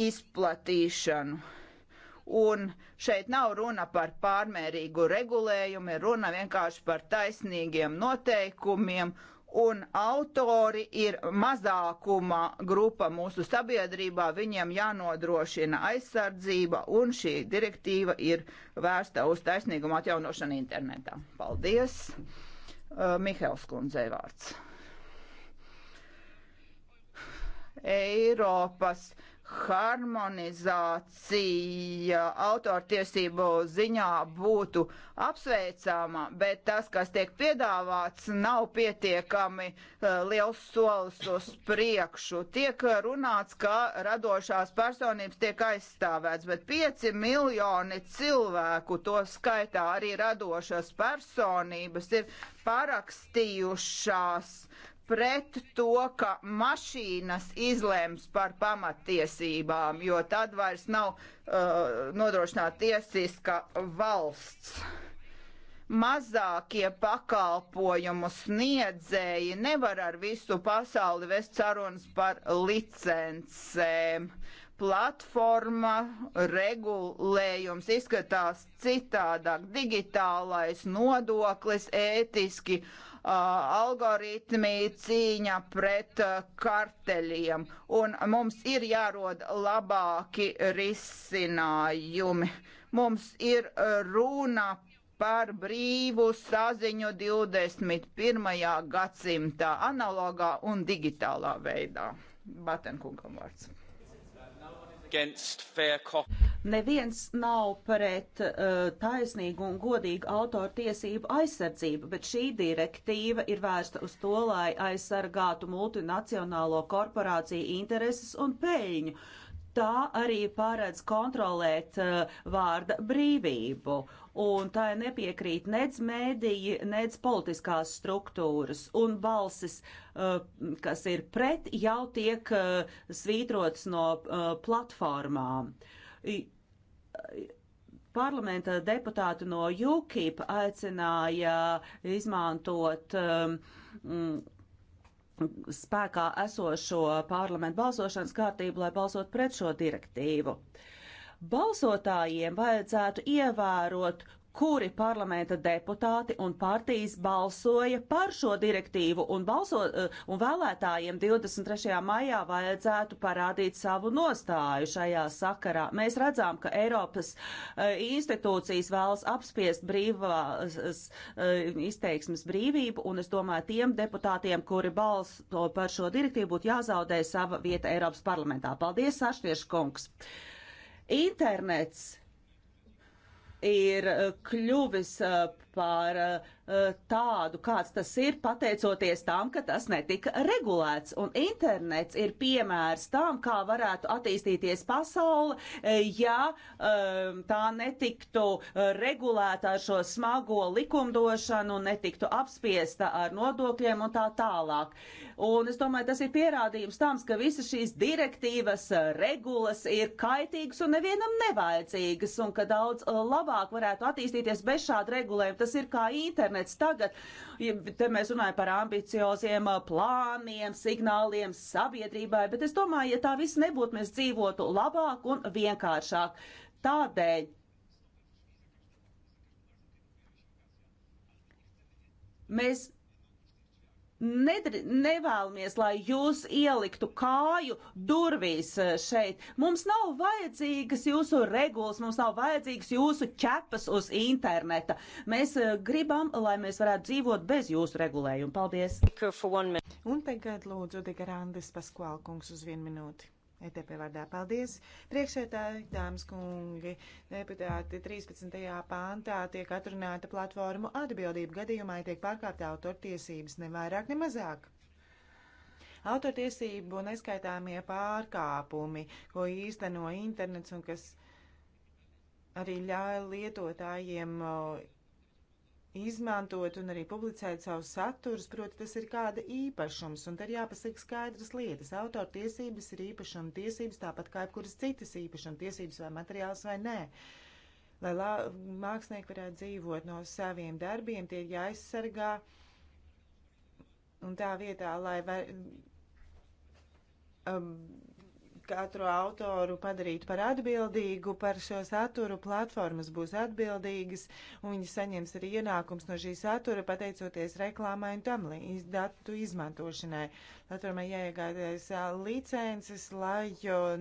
izplatīšanu Un šeit nav runa par pārmērīgu regulējumu, ir runa vienkārši par taisnīgiem noteikumiem. Un autori ir mazākuma grupa mūsu sabiedrībā, viņiem jānodrošina aizsardzība, un šī direktīva ir vērsta uz taisnīgumu atjaunošanu internetā. Paldies! Uh, Mihēls kundzei vārds. Eiropas harmonizācija autortiesību ziņā būtu apsveicama, bet tas, kas tiek piedāvāts, nav pietiekami uh, liels solis uz priekšu. Tiek runāts, ka radošās personības tiek aizstāvēts, bet 5 miljoni cilvēku, to skaitā arī radošas personības, ir parakstījušās uh, pret to, ka mašīnas izlēms par pamatiesībām, jo tad vairs nav uh, nodrošināta tiesiska valsts. Mazākie pakalpojumu sniedzēji nevar ar visu pasauli vest sarunas par licencēm. Platforma regulējums izskatās citādāk. Digitālais nodoklis ētiski uh, algoritmi, cīņa pret karteļiem. Un mums ir jārod labāki risinājumi. Mums ir runa par brīvu saziņu 21. gadsimtā, analogā un digitālā veidā. Batenkungam vārds. Neviens nav pret uh, taisnīgu un godīgu autoru tiesību aizsardzību, bet šī direktīva ir vērsta uz to, lai aizsargātu multinacionālo korporāciju intereses un peļņu. Tā arī paredz kontrolēt uh, vārda brīvību, un tā nepiekrīt nec mēdīji, nec politiskās struktūras, un balsis, uh, kas ir pret, jau tiek uh, svītrots no uh, platformām. Uh, parlamenta deputāti no UKIP aicināja izmantot um, mm, spēkā esošo parlamentu balsošanas kārtību, lai balsot pret šo direktīvu. Balsotājiem vajadzētu ievērot kuri parlamenta deputāti un partijas balsoja par šo direktīvu un, balso, eh, un vēlētājiem 23. maijā vajadzētu parādīt savu nostāju šajā sakarā. Mēs redzām, ka Eiropas eh, institūcijas vēlas apspiest brīvās eh, izteiksmes brīvību un es domāju, tiem deputātiem, kuri balso par šo direktīvu, būtu jāzaudē sava vieta Eiropas parlamentā. Paldies, Saštieša kungs! Internets ir eh, kļuvis eh, par eh, tādu, kāds tas ir, pateicoties tam, ka tas netika regulēts. Un internets ir piemērs tam, kā varētu attīstīties pasaule, eh, ja eh, tā netiktu regulēta ar šo smago likumdošanu, netiktu apspiesta ar nodokļiem un tā tālāk. Un es domāju, tas ir pierādījums tam, ka visas šīs direktīvas, regulas ir kaitīgas un nevienam nevajadzīgas, un ka daudz labāk varētu attīstīties bez šāda regulējuma tas ir kā internets tagad. Te mēs runājam par ambicioziem uh, plāniem, signāliem sabiedrībai, bet es domāju, ja tā viss nebūtu, mēs dzīvotu labāk un vienkāršāk. Tādēļ mēs nedri, nevēlamies, lai jūs ieliktu kāju durvīs eh, šeit. Mums nav vajadzīgas jūsu regulas, mums nav vajadzīgas jūsu ķepas uz interneta. Mēs eh, gribam, lai mēs varētu dzīvot bez jūsu regulējuma. Paldies! Un tagad lūdzu Digarandes Paskualkungs uz vienu minūti. ETP vārdā. Paldies! Priekšētāji, dāmas kungi, deputāti 13. pāntā tiek atrunāta platformu atbildība gadījumā, ja tiek pārkāpta autortiesības ne vairāk, ne mazāk. Autortiesību neskaitāmie pārkāpumi, ko īsteno internets un kas arī ļauj lietotājiem izmantot un arī publicēt savus saturus, proti tas ir kāda īpašums, un te ir jāpasaka skaidras lietas. Autortiesības ir īpašuma tiesības, tāpat kā jebkuras citas īpašuma tiesības vai materiāls vai nē. Lai lā, mākslinieki varētu dzīvot no saviem darbiem, tie ir jāaizsargā, un tā vietā, lai var, um, katru autoru padarīt par atbildīgu par šo saturu. Platformas būs atbildīgas un viņi saņems arī ienākums no šī satura pateicoties reklāmai un tam līdz datu izmantošanai. Platformai jāiegādājas licences, lai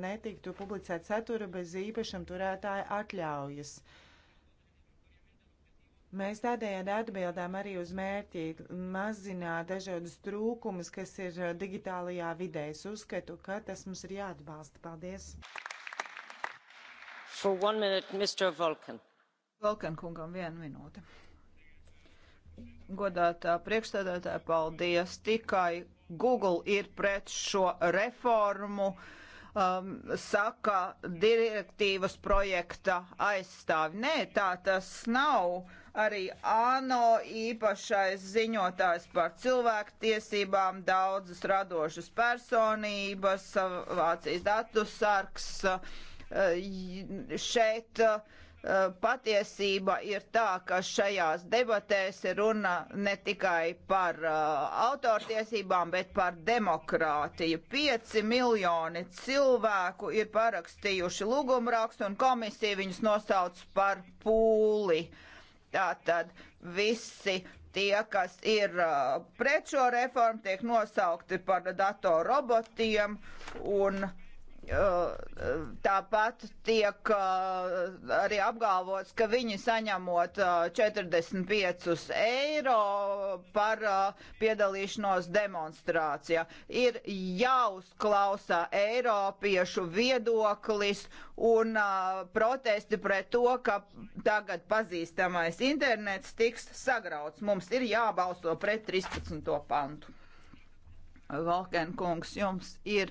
netiktu publicēt satura bez īpašam turētāja atļaujas. Uh, Mēs tādējādi atbildām arī uz mērķi mazināt dažādus trūkumus, kas ir uh, digitālajā vidē. Es uzskatu, ka tas mums ir jāatbalsta. Paldies! For one minute, Mr. Vulcan. Vulcan kungam viena minūte. Godātā priekšstādātāja, paldies! Tikai Google ir pret šo reformu um, saka direktīvas projekta aizstāvi. Nē, tā tas nav arī ANO īpašais ziņotājs par cilvēktiesībām, daudzas radošas personības, Vācijas datu sargs. Eh, šeit eh, patiesība ir tā, ka šajās debatēs ir runa ne tikai par eh, autortiesībām, bet par demokrātiju. Pieci miljoni cilvēku ir parakstījuši lūgumrakstu un komisija viņus nosauc par pūli. Uh, Tātad visi tie, kas ir uh, pret šo reformu, tiek nosaukti par datorobotiem un Uh, tāpat tiek uh, arī apgalvots, ka viņi saņemot 45 uh, eiro par piedalīšanos demonstrācijā. Ir jāuzklausa Eiropiešu viedoklis un protesti pret to, ka tagad pazīstamais internets tiks sagrauts. Mums ir jābalso pret 13. pantu. Valkenkungs, jums ir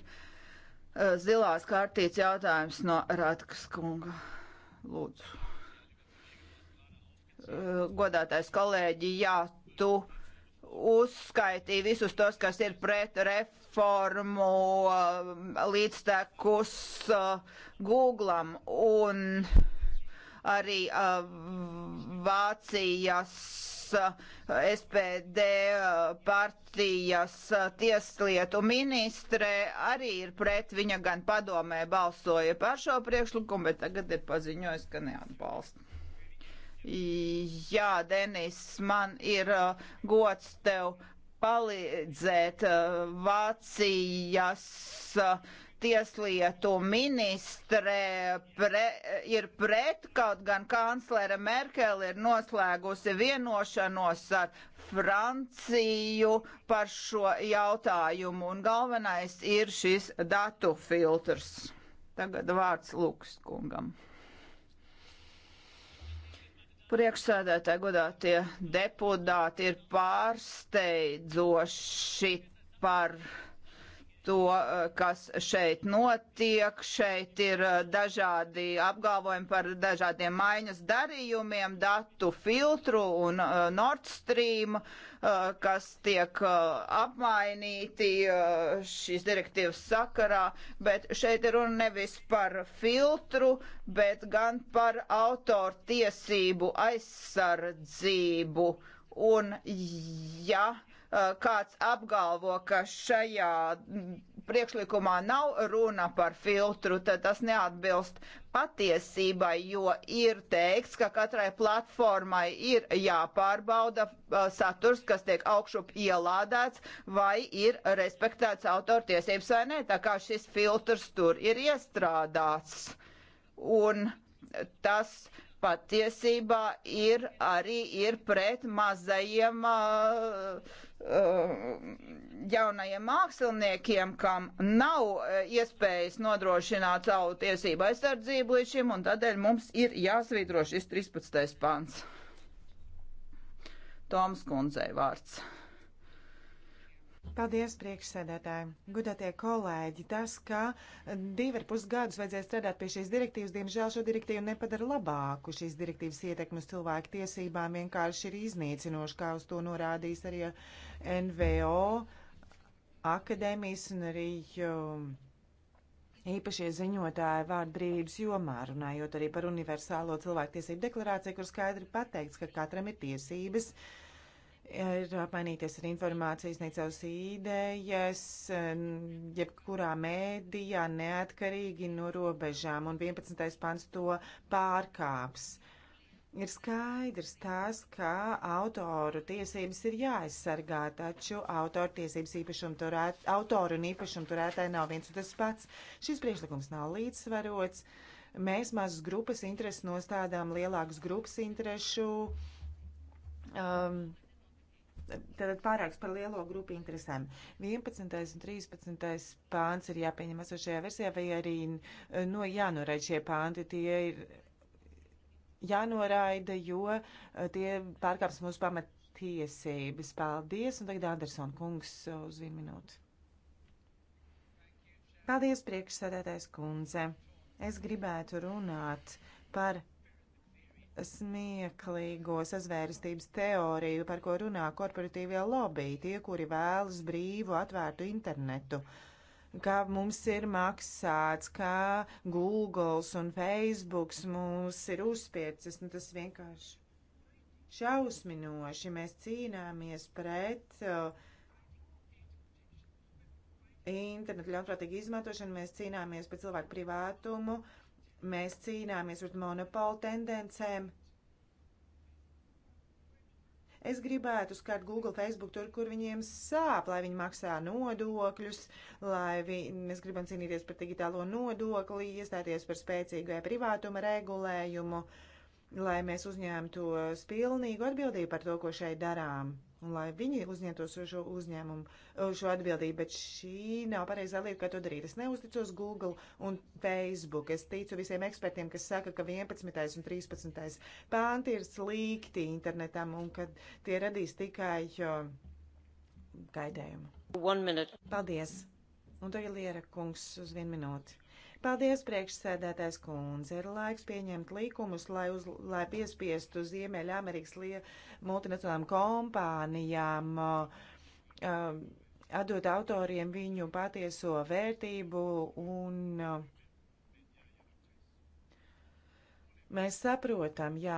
Eh, zilās kārtīts jautājums no Rātkas kunga. Lūdzu. Eh, godātais kolēģi, jā, tu uzskaitīja visus tos, kas ir pret reformu eh, līdztekus Googlam un arī Vācijas SPD eh, eh, partijas eh, tieslietu ministre arī ir pret viņa gan padomē balsoja par šo priekšlikumu, bet tagad ir paziņojis, ka neatbalsta. Jā, Denis, man ir gods tev palīdzēt Vācijas tieslietu ministre pre, ir pret, kaut gan kanclere Merkele ir noslēgusi vienošanos ar Franciju par šo jautājumu, un galvenais ir šis datu filtrs. Tagad vārds Lukskungam. Priekšsēdētāji godātie deputāti ir pārsteidzoši par to, eh, kas šeit notiek. Šeit ir eh, dažādi apgalvojumi par dažādiem maiņas darījumiem, datu filtru un eh, Nord Stream, kas tiek apmainīti šīs direktīvas sakarā, bet šeit ir runa nevis par filtru, bet gan par autortiesību aizsardzību. Un ja Eh, kāds apgalvo, ka šajā mm, priekšlikumā nav runa par filtru, tad tas neatbilst patiesībai, jo ir teikts, ka katrai platformai ir jāpārbauda eh, saturs, kas tiek augšup ielādēts, vai ir respektēts autortiesības vai nē, tā kā šis filtrs tur ir iestrādāts. Un tas patiesībā ir arī ir pret mazajiem uh, uh jaunajiem māksliniekiem, kam nav uh, iespējas nodrošināt savu tiesību aizsardzību līdz šim, un tādēļ mums ir jāsvītro šis 13. pants. Toms Kundzei vārds. Paldies, priekšsēdētāji. Gudatie kolēģi, tas, ka divi ar pus gadus vajadzēja strādāt pie šīs direktīvas, diemžēl šo direktīvu nepadara labāku. Šīs direktīvas ietekmi uz cilvēku tiesībām vienkārši ir iznīcinoši, kā uz to norādījis arī NVO, akadēmijas un arī um, īpašie ziņotāji vārdbrīvības jomā, runājot arī par universālo cilvēku tiesību deklarāciju, kur skaidri pateikts, ka katram ir tiesības. Uh, ir apmainīties ar informāciju, sniegt savas idejas, jebkurā mēdījā neatkarīgi no robežām, un 11. pants to pārkāps. Ir skaidrs tas, ka autoru tiesības ir jāaizsargā, taču autoru tiesības īpašumu turēt, autoru un īpašumu turētāji nav viens un tas pats. Šis priekšlikums nav līdzsvarots. Mēs mazas grupas intereses nostādām lielākas grupas interesu. Um, tātad pārāks par lielo grupu interesēm. 11. un 13. pāns ir jāpieņem esošajā versijā, vai arī eh, no jānoraid šie pānti. Tie ir jānoraida, jo eh, tie pārkāps mūsu pamatiesības. Paldies, un tagad Andersona kungs uz vienu minūti. Paldies, priekšsēdētājs kundze. Es gribētu runāt par smieklīgo sazvērestības teoriju, par ko runā korporatīvie lobby, tie, kuri vēlas brīvu, atvērtu internetu, ka mums ir maksāts, ka Google un Facebook mums ir uzspiecis, nu tas vienkārši šausminoši. Mēs cīnāmies pret uh, internetu ļaunprātīgu izmantošanu, mēs cīnāmies par cilvēku privātumu. Uh, Mēs cīnāmies pret monopolu tendencēm. Es gribētu skart Google, Facebook, tur, kur viņiem sāp, lai viņi maksā nodokļus, lai vi... mēs gribam cīnīties par digitālo nodokli, iestāties par spēcīgu privātuma regulējumu, lai mēs uzņēmtos pilnīgu atbildību par to, ko šeit darām un lai viņi uzņemtos šo uzņēmumu, eh, šo atbildību, bet šī nav pareizā lieta, kā to darīt. Es neuzticos Google un Facebook. Es ticu visiem ekspertiem, kas saka, ka 11. un 13. pānti ir slikti internetam un ka tie radīs tikai gaidējumu. Paldies! Un tagad Liera kungs uz vienu minūti. Paldies, priekšsēdētājs kundze. Ir laiks pieņemt likumus, lai, uz, lai piespiestu Ziemeļa Amerikas multinacionālām kompānijām uh, uh, atdot autoriem viņu patieso vērtību un. Uh, Mēs saprotam, jā,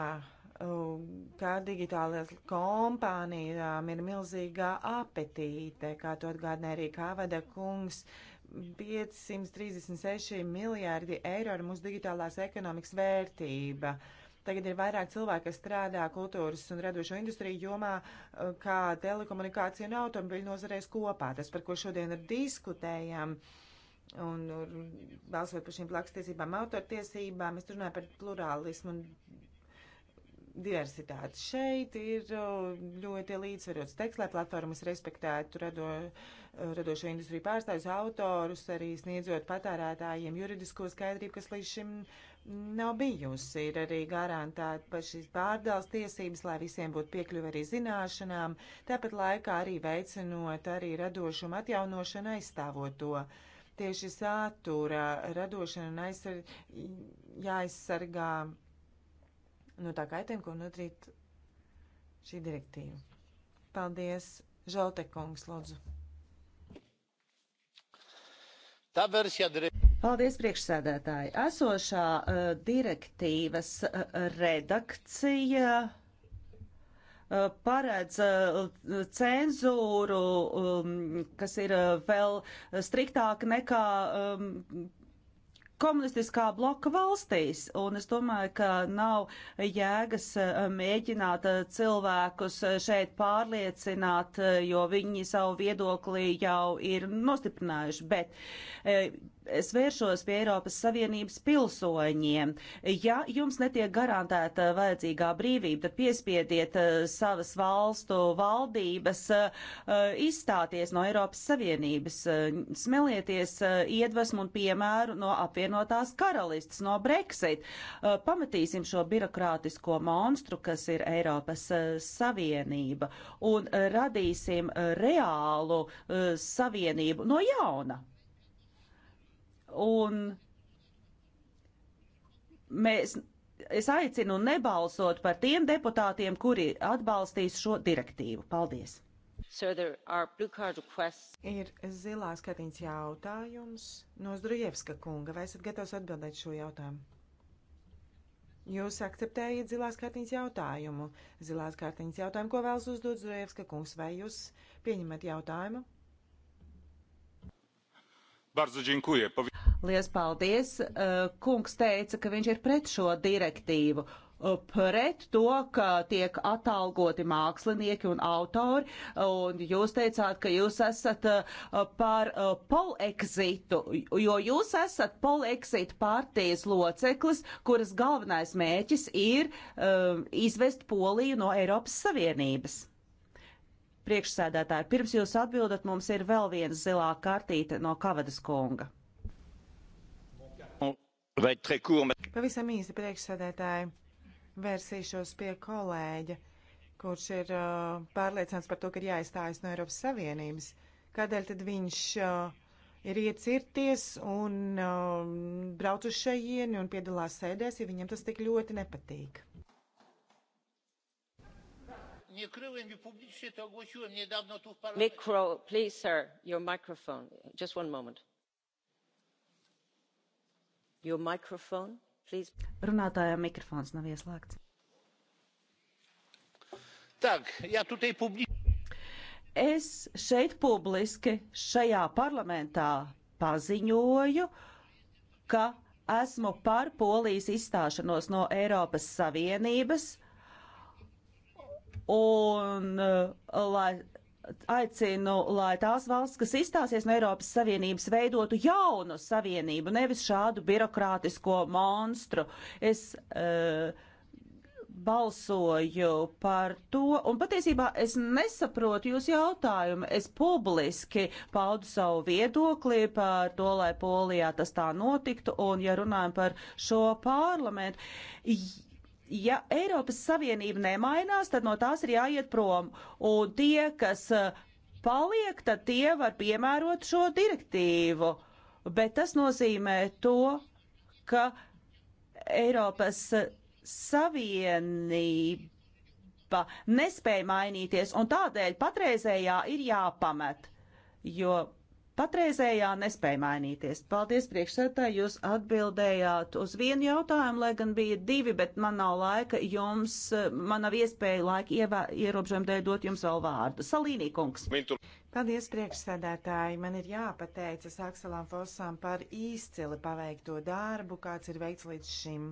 um, kā digitālajām kompānijām ir milzīgā apetīte, kā to atgādināja arī Kāvada kungs. Uh, 536 miljārdi eiro ir mūsu digitālās ekonomikas vērtība. Tagad ir vairāk cilvēku, kas strādā kultūras un radošo industriju jomā, eh, kā telekomunikācija un automobiļu nozarēs kopā. Tas, par ko šodien ir diskutējām, un balsot par šīm plakstiesībām, autortiesībām, es runāju par plurālismu un diversitāti. Šeit ir ļoti līdzsvarots teksts, lai platformas respektētu rado, radošo industriju pārstāvjus, autorus, arī sniedzot patērētājiem juridisko skaidrību, kas līdz šim nav bijusi. Ir arī garantēta par šīs pārdales tiesības, lai visiem būtu piekļuva arī zināšanām, tāpat laikā arī veicinot arī radošumu atjaunošanu aizstāvot to tieši satura radošana un aizsar, jāaizsargā no tā kaitējuma, ko nodarīt šī direktīva. Paldies, Žaltekungs, lūdzu. Tā versija direktīva. Paldies, priekšsēdētāji. Esošā uh, direktīvas uh, redakcija uh, paredz uh, cenzūru, um, kas ir uh, vēl striktāka nekā um, komunistiskā bloka valstīs, un es domāju, ka nav jēgas eh, mēģināt eh, cilvēkus eh, šeit pārliecināt, jo viņi savu viedoklī jau ir nostiprinājuši, bet es vēršos pie Eiropas Savienības pilsoņiem. Ja jums netiek garantēta vajadzīgā brīvība, tad piespiediet eh, savas valstu valdības eh, izstāties no Eiropas Savienības, eh, smelieties iedvesmu un piemēru no apvienotās karalistes, no Brexit. Pamatīsim šo birokrātisko monstru, kas ir Eiropas Savienība, un radīsim reālu savienību no jauna. Un mēs, es aicinu nebalsot par tiem deputātiem, kuri atbalstīs šo direktīvu. Paldies! Sir, ir zilās kartiņas jautājums no Zdrujevska kunga. Vai esat gatavs atbildēt šo jautājumu? Jūs akceptējat zilās kartiņas jautājumu. Zilās kartiņas jautājumu, ko vēlas uzdot Zdrujevska kungs, vai jūs pieņemat jautājumu? Bardzo dziękuję. Lies paldies! Uh, kungs teica, ka viņš ir pret šo direktīvu uh, pret to, ka tiek atalgoti mākslinieki un autori, un jūs teicāt, ka jūs esat uh, par poleksitu, jo jūs esat poleksitu partijas loceklis, kuras galvenais mēķis ir um, izvest Poliju no Eiropas Savienības. Priekšsēdētāji, pirms jūs atbildat, mums ir vēl viena zilā kartīte no Kavadas konga. Vai trekur? Pavisam īsi priekšsēdētāji vērsīšos pie kolēģa, kurš ir uh, pārliecināts par to, ka ir jāizstājas no Eiropas Savienības. Kādēļ tad viņš uh, ir iecirties un uh, brauc uz šajieni un piedalās sēdēs, ja viņam tas tik ļoti nepatīk? Mikro, please, sir, your microphone. Just one moment. Runātājā mikrofons nav ieslēgts. Tak, ja tutaj publik... Es šeit publiski šajā parlamentā paziņoju, ka esmu par Polijas izstāšanos no Eiropas Savienības un eh, lai aicinu, lai tās valsts, kas izstāsies no Eiropas Savienības, veidotu jaunu savienību, nevis šādu birokrātisko monstru. Es uh, balsoju par to, un patiesībā es nesaprotu jūs jautājumu. Es publiski paudu savu viedokli par to, lai Polijā tas tā notiktu, un ja runājam par šo parlamentu ja Eiropas Savienība nemainās, tad no tās ir jāiet prom. Un tie, kas uh, paliek, tad tie var piemērot šo direktīvu. Bet tas nozīmē to, ka Eiropas Savienība nespēja mainīties, un tādēļ patreizējā ir jāpamet, jo Patreizējā nespēja mainīties. Paldies priekšsētā, jūs atbildējāt uz vienu jautājumu, lai gan bija divi, bet man nav laika jums, man nav iespēja laika ievā, ierobežojumu dēļ dot jums vēl vārdu. Salīnī kungs. Mintu. Paldies priekšsēdētāji, man ir jāpateicas Akselam Fosam par izcili paveikto darbu, kāds ir veikts līdz šim.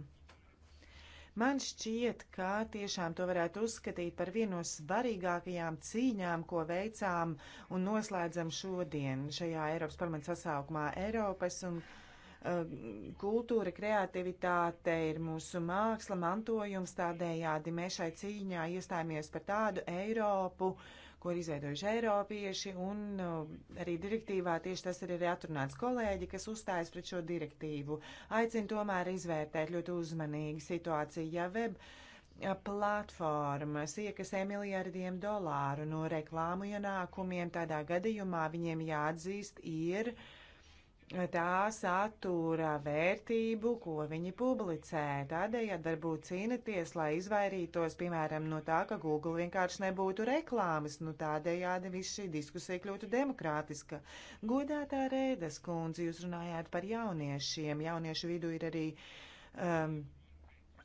Man šķiet, ka tiešām to varētu uzskatīt par vienu no svarīgākajām cīņām, ko veicām un noslēdzam šodien šajā Eiropas parlamenta sasaukumā Eiropas un eh, kultūra, kreativitāte ir mūsu māksla, mantojums. Tādējādi mēs šai cīņā iestājāmies par tādu Eiropu, uh, ko ir izveidojuši Eiropieši, un arī direktīvā tieši tas ir arī atrunāts kolēģi, kas uzstājas pret šo direktīvu. Aicinu tomēr izvērtēt ļoti uzmanīgi situāciju, ja web platformas iekasē miljardiem dolāru no reklāmu ienākumiem, tādā gadījumā viņiem jāatzīst ir. Uh, tā satura vērtību, ko viņi publicē. Tādējādi varbūt cīnīties, lai izvairītos, piemēram, no tā, ka Google vienkārši nebūtu reklāmas. Nu, tādējādi viss šī diskusija kļūtu demokrātiska. Godātā Rēdas kundze, jūs runājāt par jauniešiem. Jauniešu vidū ir arī. Um,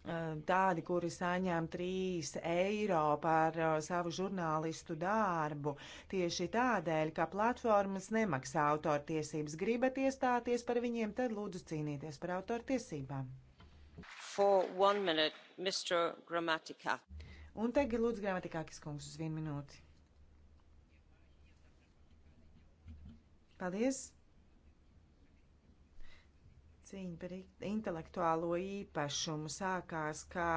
Eh, tādi, kuri saņem 3 eiro par eh, savu žurnālistu darbu. Tieši tādēļ, ka platformas nemaksā autortiesības, gribat iestāties par viņiem, tad lūdzu cīnīties par autortiesībām. Minute, Un tagad lūdzu gramatikākis kungs uz vienu minūti. Paldies! Cīņa par intelektuālo īpašumu sākās kā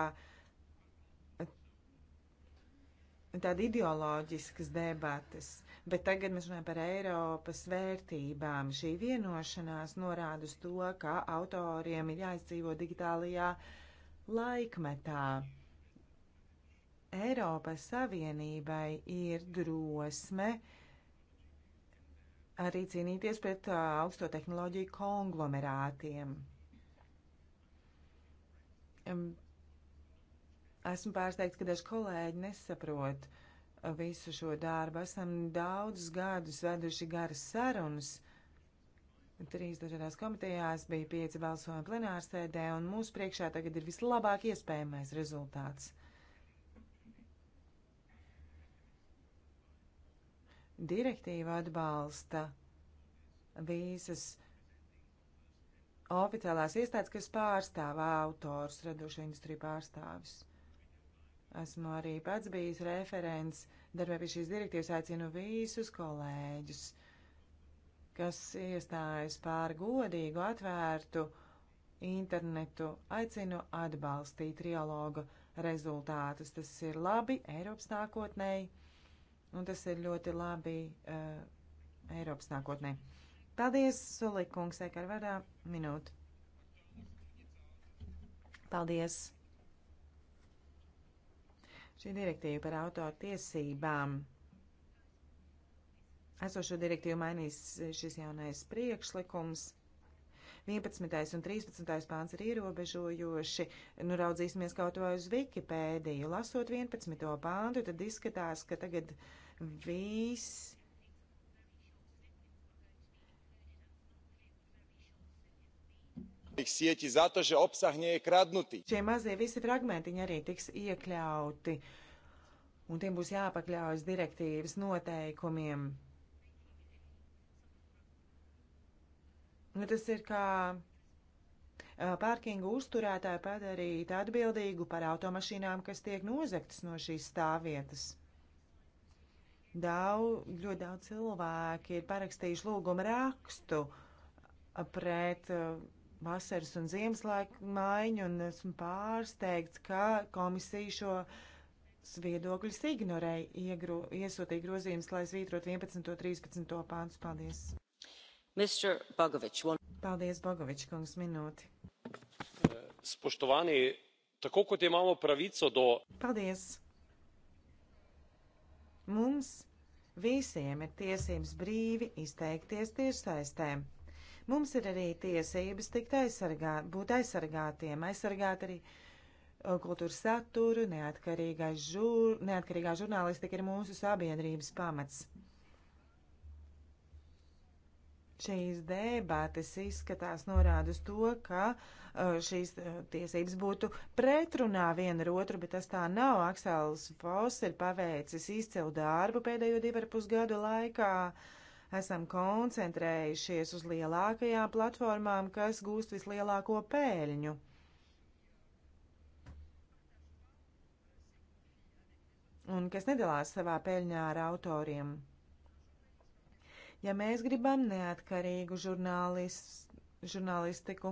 tāda ideoloģiskas debatas, bet tagad mēs runājam par Eiropas vērtībām. Šī vienošanās norāda uz to, ka autoriem ir jāizdzīvo digitālajā laikmetā. Eiropas Savienībai ir drosme uh, arī cīnīties pret uh, augsto tehnoloģiju konglomerātiem. Um, esmu pārsteigts, ka daži kolēģi nesaprot visu šo darbu. Esam daudzus gadus veduši garas sarunas. Trīs dažādās komitejās bija pieci balsojumi plenārsēdē, un mūsu priekšā tagad ir vislabāk iespējamais rezultāts. Direktīva atbalsta visas oficiālās iestādes, kas pārstāv autors, radošu industriju pārstāvis. Esmu arī pats bijis referents darbā pie šīs direktīvas, aicinu visus kolēģus, kas iestājas pār godīgu, atvērtu internetu, aicinu atbalstīt trialogu rezultātus. Tas ir labi Eiropas nākotnēji Un tas ir ļoti labi uh, Eiropas nākotnē. Paldies, Solikungs, ekar vadā minūte. Paldies! Šī direktīva par autoru tiesībām. Esošo direktīvu mainīs šis jaunais priekšlikums. 11. un 13. pāns ir ierobežojoši. Nu, raudzīsimies kaut vai uz Wikipēdiju. Lasot 11. pāntu, tad izskatās, ka tagad viss. sieti zato, že obsah nie je kradnutý. Šie mazie visi fragmentiņi arī tiks iekļauti, un tiem būs jāpakļaujas direktīvas noteikumiem. Nu, tas ir kā pārkingu uzturētāju padarīt atbildīgu par automašīnām, kas tiek nozaktas no šīs stāvvietas. Daudz, ļoti daudz cilvēki ir parakstījuši lūgumu rakstu pret vasaras un ziemas laika maiņu, un esmu pārsteigts, ka komisija šo viedokļus ignorēja, iesūtīja grozījumus, lai svītrot 11. un 13. pāns. Paldies! Paldies, Bogovič, kungs, minūti. Spoštovani, tako kot imamo pravico do. Paldies. Mums visiem ir tiesības brīvi izteikties tiešsaistē. Mums ir arī tiesības tikt aizsargāt, būt aizsargātiem, aizsargāt arī uh, kultūras saturu, neatkarīgā, žur, neatkarīgā žurnālistika ir mūsu sabiedrības pamats. Šīs debātes izskatās norāda uz to, ka e, šīs e, tiesības būtu pretrunā viena ar otru, bet tas tā nav. Aksels Foss ir paveicis izcilu darbu pēdējo divu ar pusgadu laikā. Esam koncentrējušies uz lielākajām platformām, kas gūst vislielāko pēļņu. un kas nedalās savā peļņā ar autoriem ja mēs gribam neatkarīgu žurnālis, žurnālistiku.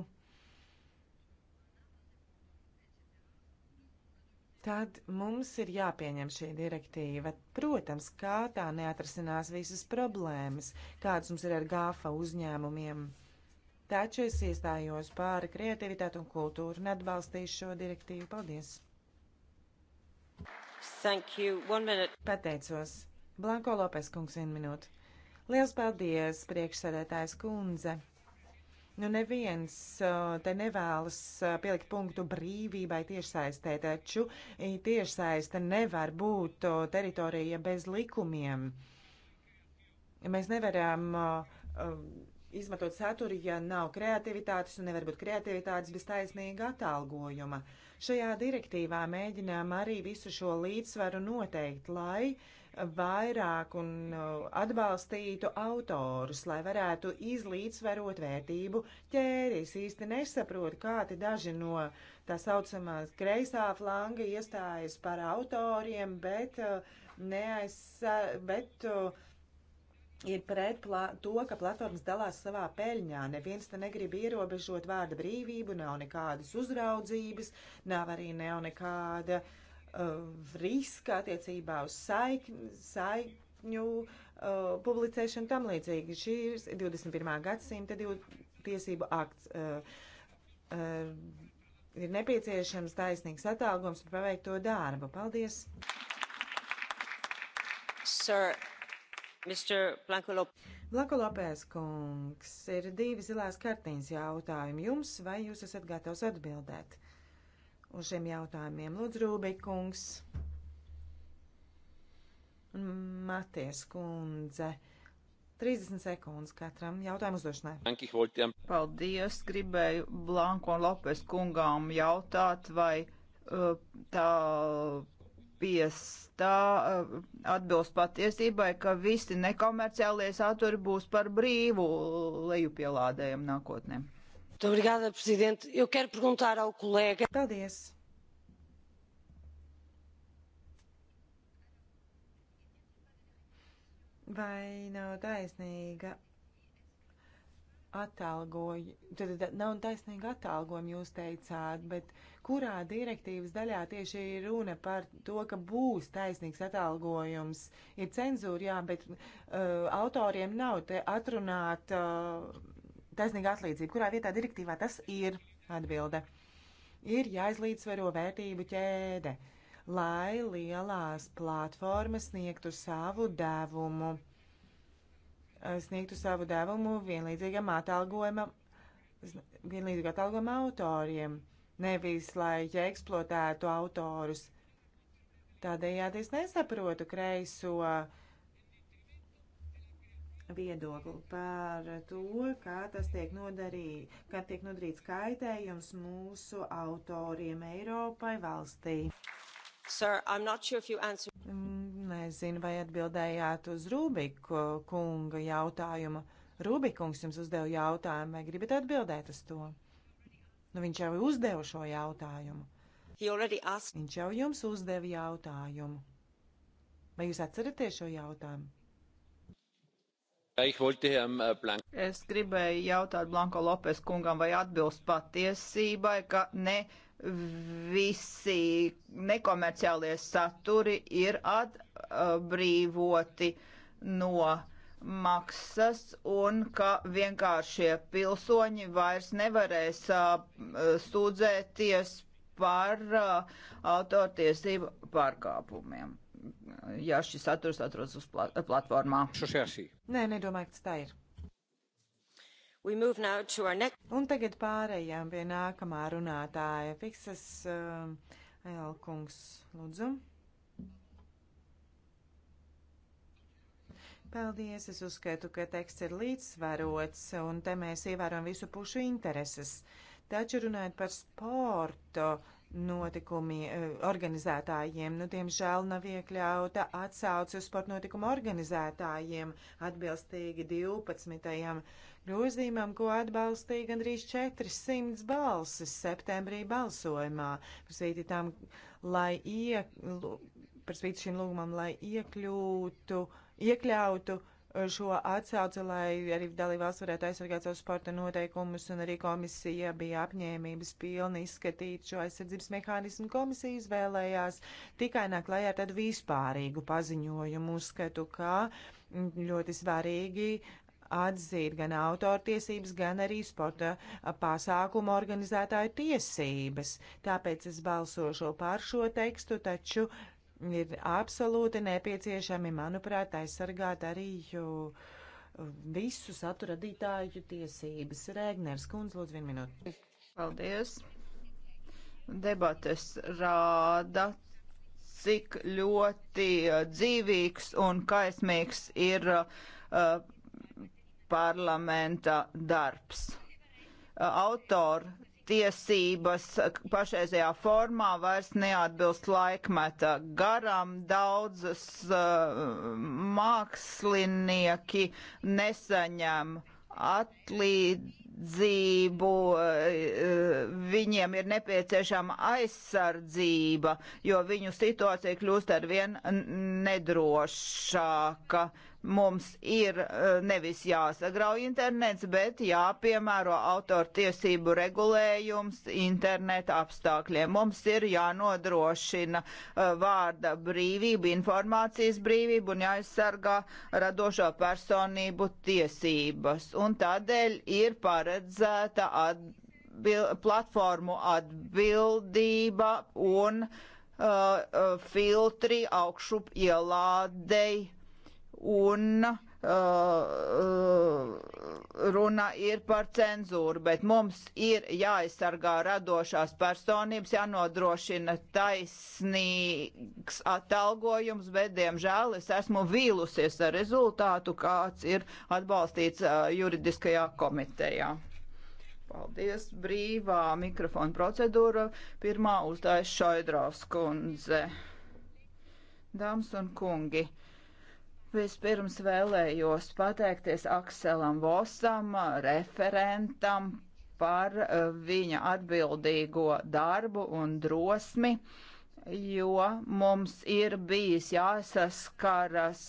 Tad mums ir jāpieņem šī direktīva. Protams, kā tā neatrasinās visas problēmas, kādas mums ir ar GAFA uzņēmumiem. Taču es iestājos pāri kreativitāti un kultūru un atbalstīšu šo direktīvu. Paldies! Pateicos. Blanko Lopes kungs, vienu minūti. Liels paldies, priekšsēdētājs kundze! Nu, neviens te nevēlas pielikt punktu brīvībai tiešsaistē, taču tiešsaiste nevar būt teritorija bez likumiem. Mēs nevaram izmantot saturu, ja nav kreativitātes, un nevar būt kreativitātes bez taisnīga atalgojuma. Šajā direktīvā mēģinām arī visu šo līdzsvaru noteikt, lai uh, vairāk un uh, atbalstītu autorus, lai varētu izlīdzsvarot vērtību ķēris. Īsti nesaprotu, kā te daži no tā saucamās kreisā flanga iestājas par autoriem, bet, uh, neaizsa, bet uh, ir pret to, ka platformas dalās savā peļņā. Neviens te negrib ierobežot vārda brīvību, nav nekādas uzraudzības, nav arī nav nekāda. Uh, Uh, riska attiecībā uz saikņu, saikņu uh, publicēšanu tam līdzīgi. Šī ir 21. gadsimta divu tiesību akts. Uh, ir nepieciešams taisnīgs atalgojums par paveikto darbu. Paldies! Sir, Mr. Blanco Lopes. Blanco Lopes kungs, ir divi zilās kartiņas jautājumi jums, vai jūs esat gatavs atbildēt? uz šiem jautājumiem. Lūdzu, Rūbikungs un Maties kundze. 30 sekundes katram jautājumu uzdošanai. Paldies! Gribēju Blanko un Lopes kungām jautāt, vai uh, tā piestā uh, atbilst patiesībai, ka visi nekomerciālie saturi būs par brīvu lejupielādējumu nākotnēm. Obrigada, prezidente. Eu quero perguntar ao kolēģi. Paldies. Vai nav taisnīga atalgoju, tad nav taisnīga atalgojuma jūs teicāt, bet kurā direktīvas daļā tieši ir runa par to, ka būs taisnīgs atalgojums? Ir cenzūra, jā, bet uh, autoriem nav te atrunāt. Uh, taisnīga atlīdzība. Kurā vietā direktīvā tas ir atbilde? Ir jāizlīdzvaro vērtību ķēde, lai lielās platformas sniegtu savu devumu, eh, sniegtu savu devumu vienlīdzīgam atalgojumam, vienlīdzīgu atalgojumu autoriem, nevis lai eksploatētu autorus. Tādējādi es nesaprotu kreiso uh, viedokli par to, kā tas tiek, nodarī, kā tiek nodarīts kaitējums mūsu autoriem Eiropai valstī. Sir, I'm not sure if you answer. Mm, nezinu, vai atbildējāt uz Rūbiku kunga jautājumu. Rūbikungs jums uzdeva jautājumu, vai gribat atbildēt uz to? Nu, viņš jau uzdeva šo jautājumu. Viņš jau jums uzdeva jautājumu. Vai jūs atceraties šo jautājumu? Äh, es gribēju jautāt Blanko Lopes kungam, vai atbilst patiesībai, ka ne visi nekomerciālie saturi ir atbrīvoti no maksas un ka vienkāršie pilsoņi vairs nevarēs sūdzēties par autortiesību pārkāpumiem ja šis saturs atrodas uz pla platformā. Nē, nedomāju, ka tā ir. Next... Un tagad pārējām pie nākamā runātāja. Fiksas uh, um, Elkungs, lūdzu. Paldies, es uzskatu, ka teksts ir līdzsvarots, un te mēs ievērojam visu pušu intereses. Taču runājot par sportu, notikumi eh, organizētājiem. Nu, diemžēl nav iekļauta atsauce uz sporta notikumu organizētājiem atbilstīgi 12. grozījumam, ko atbalstīja gandrīz 400 balsis septembrī balsojumā. Par spīti tam, lai ie, par spīti šim lūgumam, lai iekļūtu, iekļautu šo atsauci, lai arī dalībvalsts varētu aizsargāt savus sporta noteikumus, un arī komisija bija apņēmības pilni izskatīt šo aizsardzības mehānismu. Komisija izvēlējās tikai nāk lajā tādu vispārīgu paziņojumu uzskatu, ka ļoti svarīgi atzīt gan autortiesības, gan arī sporta pasākumu organizētāju tiesības. Tāpēc es balsošu par šo tekstu, taču ir absolūti nepieciešami, manuprāt, aizsargāt arī uh, visu saturadītāju tiesības. Rēgners Kunz, lūdzu, vienu minūti. Paldies. Debates rāda, cik ļoti uh, dzīvīgs un kaismīgs ir uh, uh parlamenta darbs. Autori tiesības pašreizajā formā vairs neatbilst laikmeta garam. Daudzas uh, mākslinieki nesaņem atlīdzību, uh, viņiem ir nepieciešama aizsardzība, jo viņu situācija kļūst arvien nedrošāka Mums ir eh, nevis jāsagrauj internets, bet jāpiemēro autortiesību regulējums interneta apstākļiem. Mums ir jānodrošina eh, vārda brīvība, informācijas brīvība un jāaizsargā radošo personību tiesības. Un tādēļ ir paredzēta atbildība platformu atbildība un uh, filtri augšup ielādei un uh, runa ir par cenzūru, bet mums ir jāaizsargā radošās personības, jānodrošina taisnīgs atalgojums, bet, diemžēl, es esmu vīlusies ar rezultātu, kāds ir atbalstīts uh, juridiskajā komitejā. Paldies, brīvā mikrofona procedūra. Pirmā uzstājas Šaidrās kundze. Dāmas un kungi. Vispirms vēlējos pateikties Akselam Vosam, referentam par eh, viņa atbildīgo darbu un drosmi, jo mums ir bijis jāsaskaras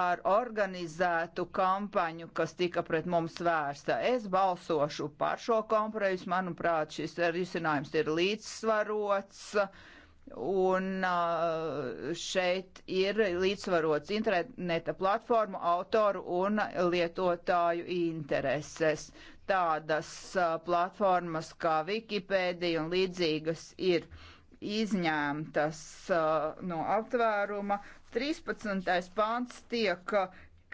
ar organizētu kampaņu, kas tika pret mums vērsta. Es balsošu par šo kompromisu. Manuprāt, šis risinājums ir līdzsvarots. Uh, Un uh, šeit ir līdzsvarots interneta platformu autoru un lietotāju intereses. Tādas uh, platformas kā Wikipēdija un līdzīgas ir izņemtas uh, no aptvēruma. 13. pāns tiek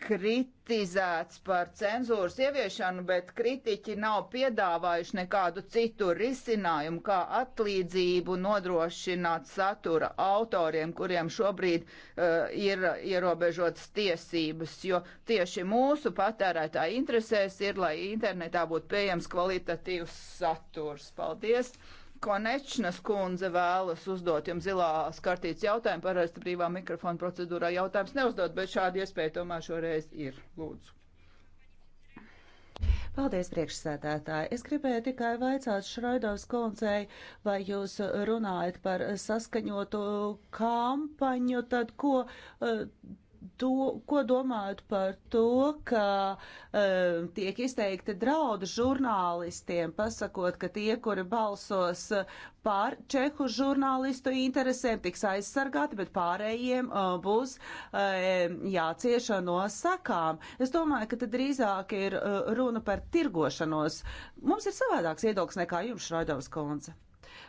kritizēts par cenzūras ieviešanu, bet kritiķi nav piedāvājuši nekādu citu risinājumu, kā atlīdzību nodrošināt satura autoriem, kuriem šobrīd uh, ir ierobežotas tiesības, jo tieši mūsu patērētāji interesēs ir, lai internetā būtu pieejams kvalitatīvs saturs. Paldies! Konečnas kundze vēlas uzdot jums zilās kartītes jautājumu. Parasti brīvā mikrofona procedūrā jautājums neuzdot, bet šāda iespēja tomēr šoreiz ir. Lūdzu. Paldies, priekšsēdētāji. Es gribēju tikai vaicāt Šraidovs koncei, vai jūs runājat par saskaņotu kampaņu, tad ko eh, do, ko domājat par to, ka uh, tiek izteikti draudi žurnālistiem, pasakot, ka tie, kuri balsos eh, par čehu žurnālistu interesēm, tiks aizsargāti, bet pārējiem uh, būs uh, jācieš no sakām. Es domāju, ka tad drīzāk ir uh, runa par tirgošanos. Mums ir savādāks iedoklis nekā jums, Šraidovs Konze.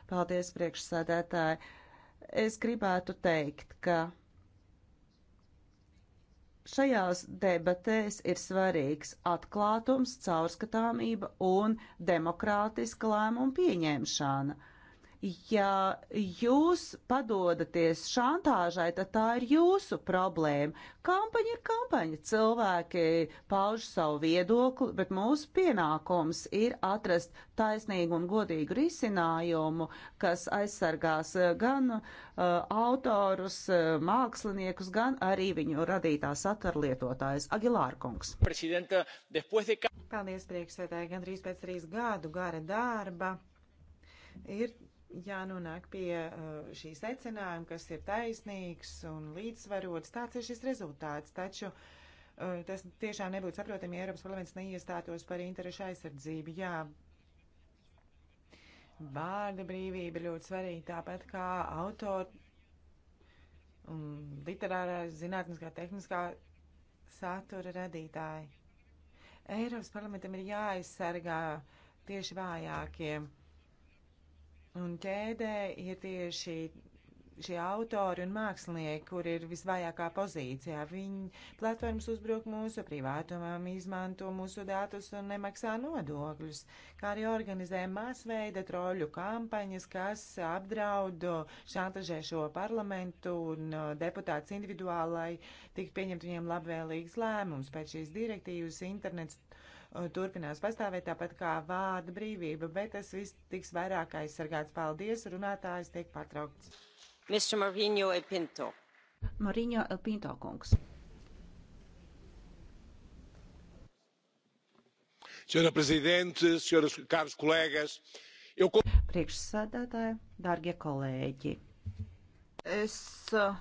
Paldies, priekšsēdētāji. Es gribētu teikt, ka Šajās debatēs ir svarīgs atklātums, caurskatāmība un demokrātiska lēmuma pieņemšana. Ja jūs padodaties šantāžai, tad tā ir jūsu problēma. Kampaņa ir kampaņa. Cilvēki pauž savu viedokli, bet mūsu pienākums ir atrast taisnīgu un godīgu risinājumu, kas aizsargās eh, gan uh, autorus, uh, māksliniekus, gan arī viņu radītā satura lietotājs. Agilārkungs. De... Paldies, priekšsēdētāji, gandrīz pēc trīs gadu gara darba ir jānonāk pie uh, šī secinājuma, kas ir taisnīgs un līdzsvarots. Tāds ir šis rezultāts. Taču uh, tas tiešām nebūtu saprotami, ja Eiropas parlaments neiestātos par interešu aizsardzību. Jā, vārda brīvība ir ļoti svarīga, tāpat kā autora un literārā, zinātniskā, tehniskā satura radītāji. Eiropas parlamentam ir jāaizsargā tieši vājākiem. Ja Un ķēdē ir tieši šie autori un mākslinieki, kur ir visvājākā pozīcijā. Viņi platformas uzbruk mūsu privātumam, izmanto mūsu datus un nemaksā nodokļus, kā arī organizē masveida troļu kampaņas, kas apdraud šantažē šo parlamentu un uh, deputāts individuālai tik pieņemt viņiem labvēlīgs lēmums. Pēc šīs direktīvas internets Uh, turpinās pastāvēt tāpat kā vārda brīvība, bet tas viss tiks vairāk aizsargāts. Paldies, runātājs tiek pārtraukts. Mr. Marino Epinto. Marino Epinto kungs. Senhora Presidente, senhoras, caros colegas, eu... Priekšsādātāji, dārgie kolēģi, es uh,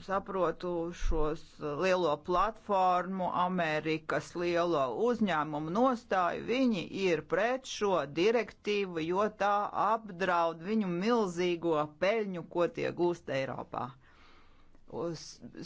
saprotu šos uh, lielo platformu, Amerikas lielo uzņēmumu nostāju. Viņi ir pret šo direktīvu, jo tā apdraud viņu milzīgo peļņu, ko tie gūst Eiropā. Uz,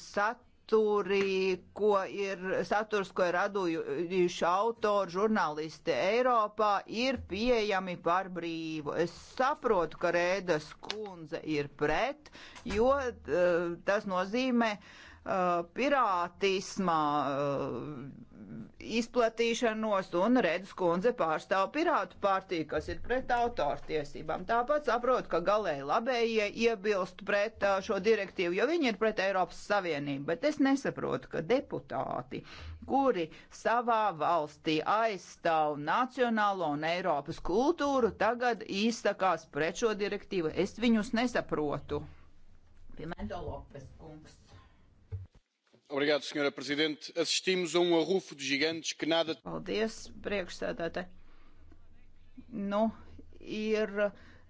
sat, saturi, ko ir, saturs, ko ir radījuši autori, žurnālisti Eiropā, ir pieejami par brīvu. Es saprotu, ka Rēdas kundze ir pret, jo eh, tas nozīmē, uh, Uh, pirātismā uh, izplatīšanos, un Redz kundze pārstāv pirātu partiju, kas ir pret autortiesībām. Tāpat saprot, ka galēji labējie iebilst pret uh, šo direktīvu, jo viņi ir pret Eiropas Savienību, bet es nesaprotu, ka deputāti, kuri savā valstī aizstāv nacionālo un Eiropas kultūru, tagad izsakās pret šo direktīvu. Es viņus nesaprotu. Pimento Lopes kungs senhora presidente assistimos a um arrufo de gigantes que nada. paldies priekšsēdētāji nu ir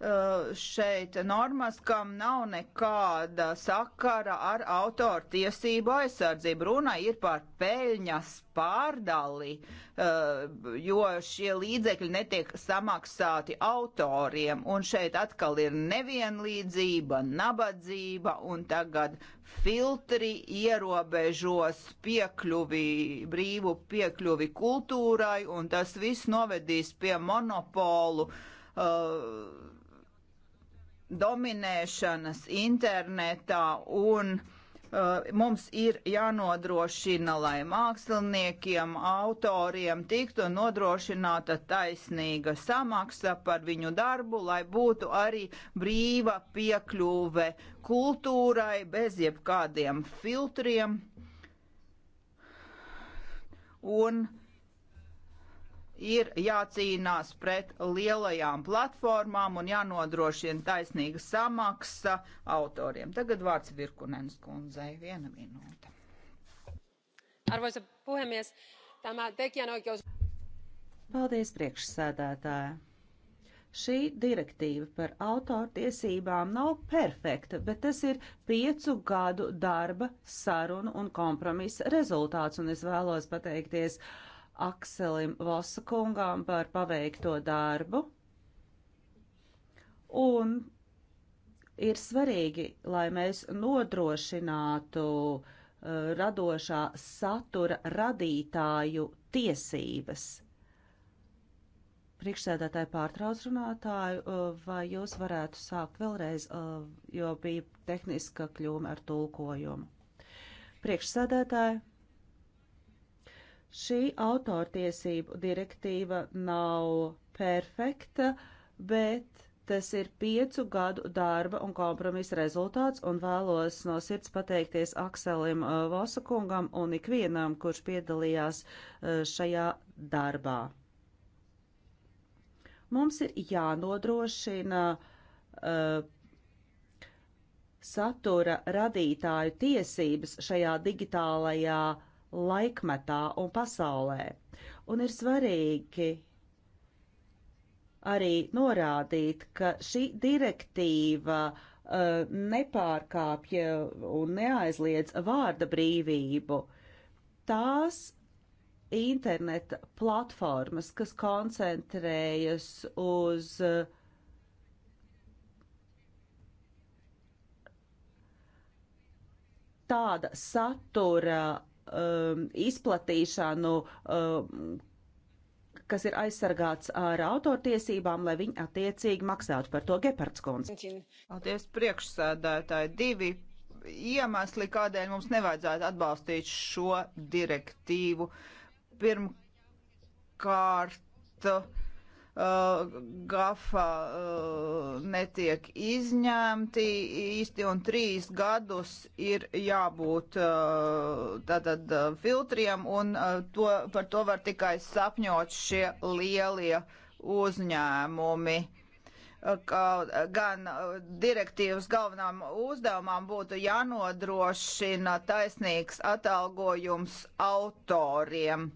Eh, šeit normas, kam nav nekāda sakara ar autoru tiesību aizsardzību. Runa ir par peļņas pārdali, eh, jo šie līdzekļi netiek samaksāti autoriem. Un šeit atkal ir nevienlīdzība, nabadzība un tagad filtri ierobežos piekļuvi, brīvu piekļuvi kultūrai un tas viss novedīs pie monopolu. Uh, eh, dominēšanas internetā un uh, mums ir jānodrošina, lai māksliniekiem, autoriem tiktu nodrošināta taisnīga samaksa par viņu darbu, lai būtu arī brīva piekļuve kultūrai bez jebkādiem filtriem. Un ir jācīnās pret lielajām platformām un jānodrošina taisnīga samaksa autoriem. Tagad vārds Virkunenes kundzei viena minūte. Arvoisa puhemies, tämä tekijänoikeus... Paldies priekšsēdētāja. Šī direktīva par autortiesībām nav perfekta, bet tas ir piecu gadu darba, sarunu un kompromisa rezultāts, un es vēlos pateikties uh, Akselim Vosakungām par paveikto darbu. Un ir svarīgi, lai mēs nodrošinātu uh, radošā satura radītāju tiesības. Priekšsēdētāji pārtrauc runātāju, uh, vai jūs varētu sākt vēlreiz, uh, jo bija tehniska kļūme ar tulkojumu. Priekšsēdētāji. Šī autortiesību direktīva nav perfekta, bet tas ir piecu gadu darba un kompromisa rezultāts, un vēlos no sirds pateikties Akselim uh, Vosakungam un ikvienam, kurš piedalījās uh, šajā darbā. Mums ir jānodrošina uh, satura radītāju tiesības šajā digitālajā uh, laikmetā un pasaulē. Un ir svarīgi arī norādīt, ka šī direktīva uh, nepārkāpja un neaizliedz vārda brīvību. Tās interneta platformas, kas koncentrējas uz uh, tāda satura um, izplatīšanu, um, kas ir aizsargāts ar autortiesībām, lai viņi attiecīgi maksātu par to Gepardskons. Paldies priekšsēdētāji. Divi iemesli, kādēļ mums nevajadzētu atbalstīt šo direktīvu. Pirmkārt, uh, GAFA uh, netiek izņemti īsti un trīs gadus ir jābūt uh, tātad eh, filtriem un uh, to, par to var tikai sapņot šie lielie uzņēmumi ka gan direktīvas galvenām uzdevumām būtu jānodrošina taisnīgs atalgojums autoriem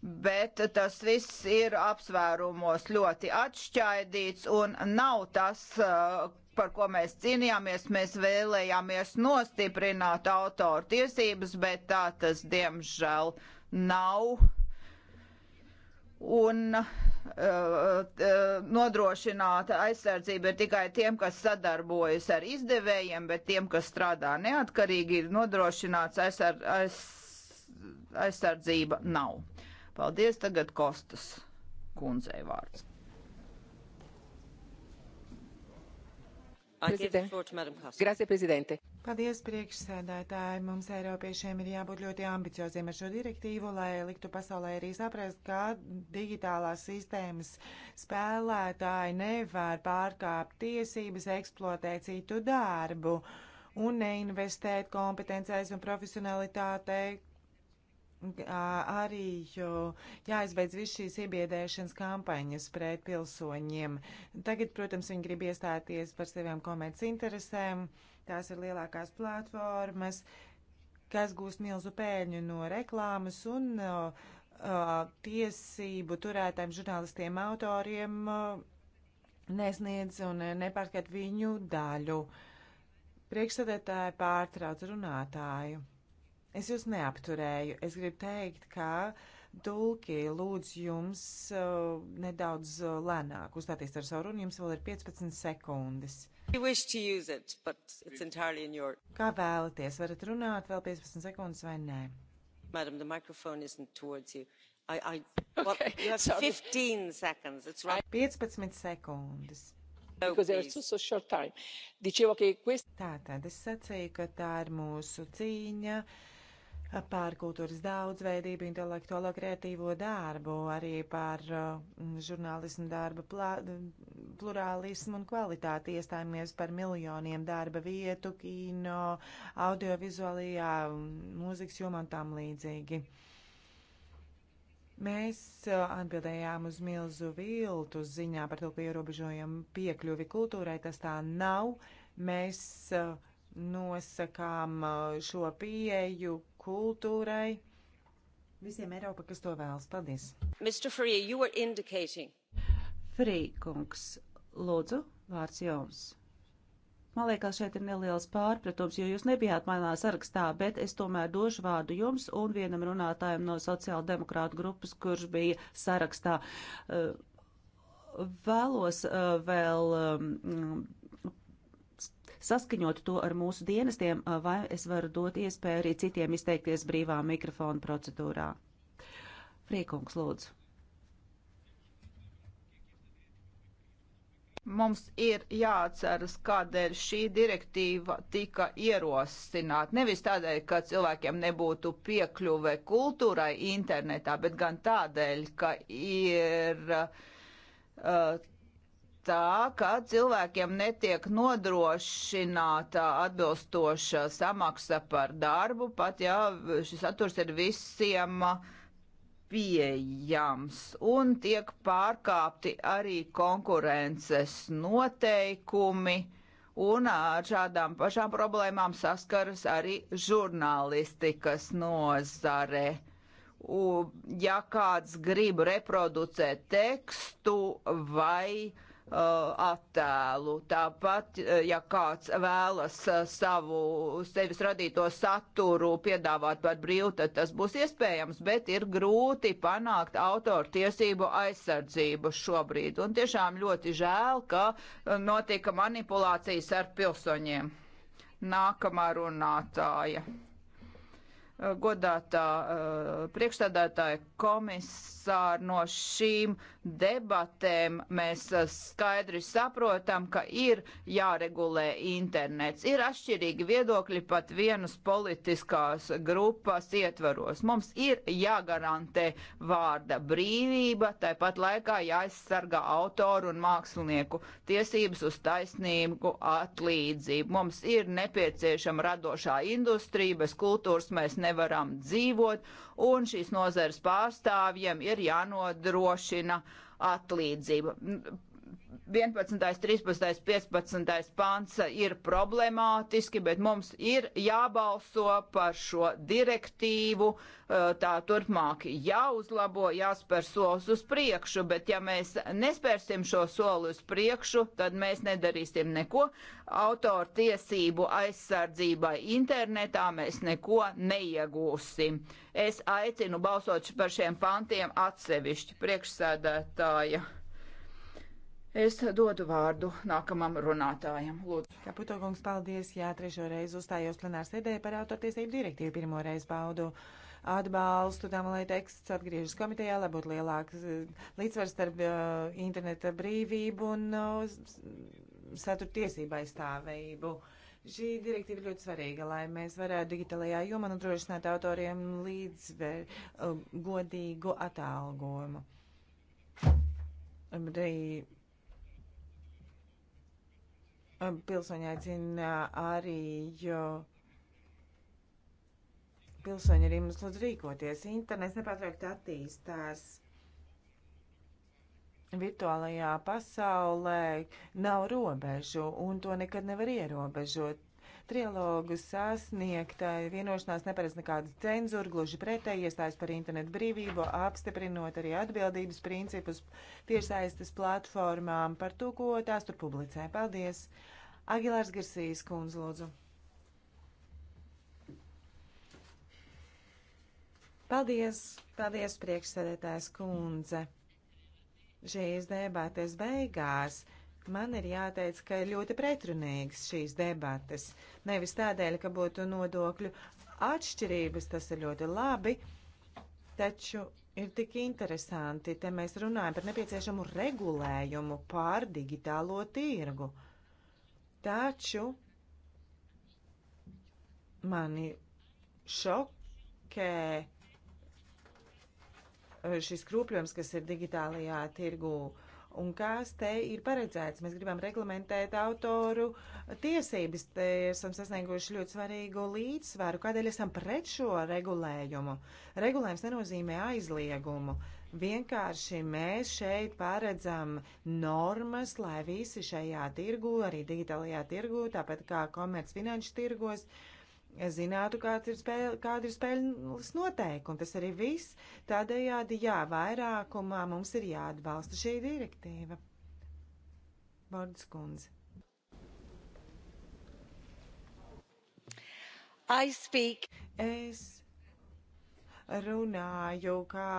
bet tas viss ir apsvērumos ļoti atšķaidīts un nav tas, uh, par ko mēs cīnījāmies. Mēs vēlējāmies nostiprināt autoru tiesības, bet tā tas diemžēl nav. Un uh, uh, nodrošināta aizsardzība ir tikai tiem, kas sadarbojas ar izdevējiem, bet tiem, kas strādā neatkarīgi, ir nodrošināts aizsar, aiz, aizsardzība nav. Paldies tagad Kostas kundzei vārds. Grazie, prezidente. Paldies, priekšsēdētāji. Mums Eiropiešiem ir jābūt ļoti ambicioziem ar šo direktīvu, lai liktu pasaulē arī saprast, ka digitālās sistēmas spēlētāji nevar pārkāpt tiesības, eksploatēt citu darbu un neinvestēt kompetencēs un profesionalitātei, arī jāizbeidz viss šīs iebiedēšanas kampaņas pret pilsoņiem. Tagad, protams, viņi grib iestāties par saviem komerci interesēm. Tās ir lielākās platformas, kas gūst milzu pēļņu no reklāmas un uh, tiesību turētājiem, žurnālistiem, autoriem uh, nesniedz un nepārskat viņu daļu. Priekšsēdētāji pārtrauc runātāju. Es jūs neapturēju. Es gribu teikt, ka tulki lūdz jums uh, nedaudz uh, lēnāk uzstāties ar savu runu. Jums vēl ir 15 sekundes. It, your... Kā vēlaties? Varat runāt vēl 15 sekundes vai nē? Madam, the microphone isn't towards you. I, I, well, okay, you have sorry. 15 seconds. It's right. 15 sekundes. No, Dicevo, quest... Tātad es sacīju, ka tā ir mūsu cīņa. Uh, par kultūras daudzveidību, intelektuālo kreatīvo darbu, arī par uh, žurnālismu darba plā, plurālismu un kvalitāti. Iestājāmies par miljoniem darba vietu, kino, audiovizuālajā, mūzikas jomā un tam līdzīgi. Mēs uh, atbildējām uz milzu viltu ziņā par to, ka ierobežojam piekļuvi kultūrai. Tas tā nav. Mēs uh, nosakām šo pieeju, kultūrai, visiem Eiropa, kas to vēlas. Paldies! Mr. Free, you were indicating. Free, kungs, lūdzu, vārds jums. Man liekas, šeit ir neliels pārpratums, jo jūs nebijāt manā sarakstā, bet es tomēr došu vārdu jums un vienam runātājam no sociāla demokrāta grupas, kurš bija sarakstā. Vēlos vēl saskaņot to ar mūsu dienestiem, vai es varu dot iespēju arī citiem izteikties brīvā mikrofona procedūrā. Friekungs, lūdzu. Mums ir jāatceras, kādēļ šī direktīva tika ierosināta. Nevis tādēļ, ka cilvēkiem nebūtu piekļuve kultūrai internetā, bet gan tādēļ, ka ir uh, tā, ka cilvēkiem netiek nodrošināta atbilstoša samaksa par darbu, pat ja šis saturs ir visiem pieejams, un tiek pārkāpti arī konkurences noteikumi, un ar šādām pašām problēmām saskaras arī žurnālistikas nozare ja kāds grib reproducēt tekstu vai uh, Uh, attēlu. Tāpat, uh, ja kāds vēlas uh, savu sevis radīto saturu piedāvāt par brīvu, tad tas būs iespējams, bet ir grūti panākt autoru tiesību aizsardzību šobrīd. Un tiešām ļoti žēl, ka notika manipulācijas ar pilsoņiem. Nākamā runātāja. Godātā priekšstādātāja komisāra no šīm uh, debatēm mēs eh, skaidri saprotam, ka ir jāregulē internets. Ir atšķirīgi viedokļi pat vienas politiskās grupas ietvaros. Mums ir jāgarantē vārda brīvība, tāpat laikā jāaizsargā autoru un mākslinieku tiesības uz taisnīgu atlīdzību. Mums ir nepieciešama radošā industrija, bez kultūras mēs nevaram dzīvot un šīs nozares pārstāvjiem ir jānodrošina atlīdzība. 11., 13., 15. pants ir problemātiski, bet mums ir jābalso par šo direktīvu, eh, tā turpmāk jāuzlabo, jāspēr solis uz priekšu, bet ja mēs nespērsim šo soli uz priekšu, tad mēs nedarīsim neko. Autor tiesību aizsardzībai internetā mēs neko neiegūsim. Es aicinu balsot par šiem pantiem atsevišķi priekšsēdētāja Es dodu vārdu nākamam runātājam. Lūdzu. Kaputo kungs, paldies. Jā, trešo reizi uzstājos plenārs sēdē par autortiesību direktīvu. Pirmo reizi baudu atbalstu tam, lai teksts atgriežas komitejā, lai būtu lielāks eh, līdzsvars starp uh, interneta brīvību un uh, satura tiesību aizstāvību. Šī direktīva ir ļoti svarīga, lai mēs varētu digitalajā jomā nodrošināt autoriem līdzver uh, godīgu atalgojumu. Arī pilsoņi aicina arī, jo pilsoņi arī mums lūdz rīkoties. Internets nepārtraukti attīstās virtuālajā pasaulē nav robežu, un to nekad nevar ierobežot trilogu sasniegta vienošanās neparedz nekādu cenzūru, gluži pretēji iestājas par internetu brīvību, apstiprinot arī atbildības principus tiešsaistes platformām par to, ko tās tur publicē. Paldies! Agilārs Girsīs kundz, lūdzu. Paldies! Paldies, priekšsēdētājs kundze! Šīs debates beigās! Man ir jāteic, ka ir ļoti pretrunīgas šīs debates. Nevis tādēļ, ka būtu nodokļu atšķirības, tas ir ļoti labi, taču ir tik interesanti. Te mēs runājam par nepieciešamu regulējumu pār digitālo tirgu. Taču mani šokē eh, šis krūpļums, kas ir digitālajā tirgū. Uh, un kas te ir paredzēts. Mēs gribam reglamentēt autoru tiesības, te esam sasnieguši ļoti svarīgu līdzsvaru, kādēļ esam pret šo regulējumu. Regulējums nenozīmē aizliegumu. Vienkārši mēs šeit paredzam normas, lai visi šajā tirgu, arī digitālajā tirgu, tāpat kā komerc finanšu tirgos, uh, zinātu, kāds ir spēļ, kāda ir spēļas noteikuma. Tas arī viss. Tādējādi, jā, vairākumā mums ir jāatbalsta šī direktīva. Bordas kundze. I speak. Es runāju kā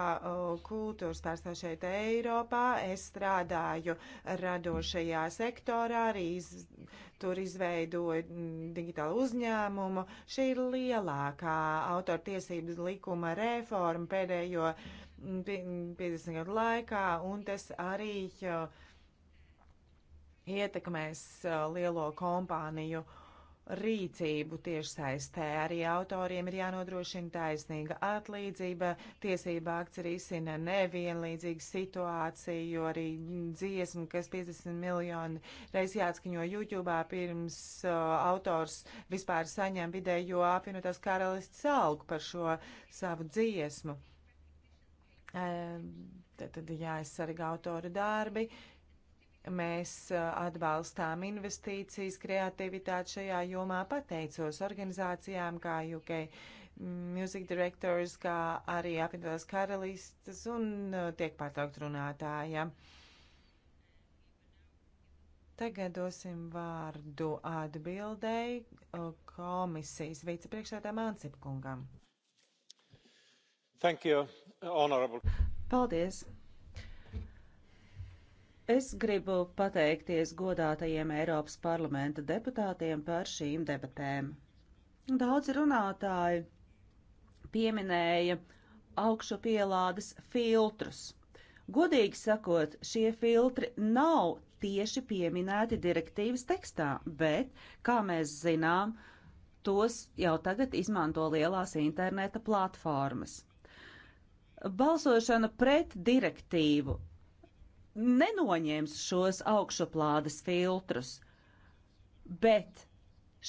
kultūras pārstāv šeit Eiropā. Es strādāju radošajā sektorā, arī iz, tur izveidoju digitālu uzņēmumu. Šī ir lielākā autortiesības likuma reforma pēdējo 50 gadu laikā, un tas arī ietekmēs lielo kompāniju rīcību tiešsaistē. Arī autoriem ir jānodrošina taisnīga atlīdzība. Tiesība akts risina nevienlīdzīgu situāciju, arī dziesmu, kas 50 miljonu reiz jāatskaņo YouTube, pirms uh, autors vispār saņem vidējo apvienotās karalists algu par šo savu dziesmu. Uh, tad, tad jāaizsarga autora darbi. Uh, Mēs uh, atbalstām investīcijas, kreativitāti šajā jomā, pateicos organizācijām kā UK Music Directors, kā arī apvienotās karalistas un uh, tiek pārtraukt runātāja. Tagad dosim vārdu atbildēji uh, komisijas vicepriekšētām Ansipkungam. Thank you, honorable. Paldies. Es gribu pateikties godātajiem Eiropas parlamenta deputātiem par šīm debatēm. Daudzi runātāji pieminēja augšu pielādes filtrus. Godīgi sakot, šie filtri nav tieši pieminēti direktīvas tekstā, bet, kā mēs zinām, tos jau tagad izmanto lielās interneta platformas. Balsošana pret direktīvu nenoņems šos augšuplādes filtrus, bet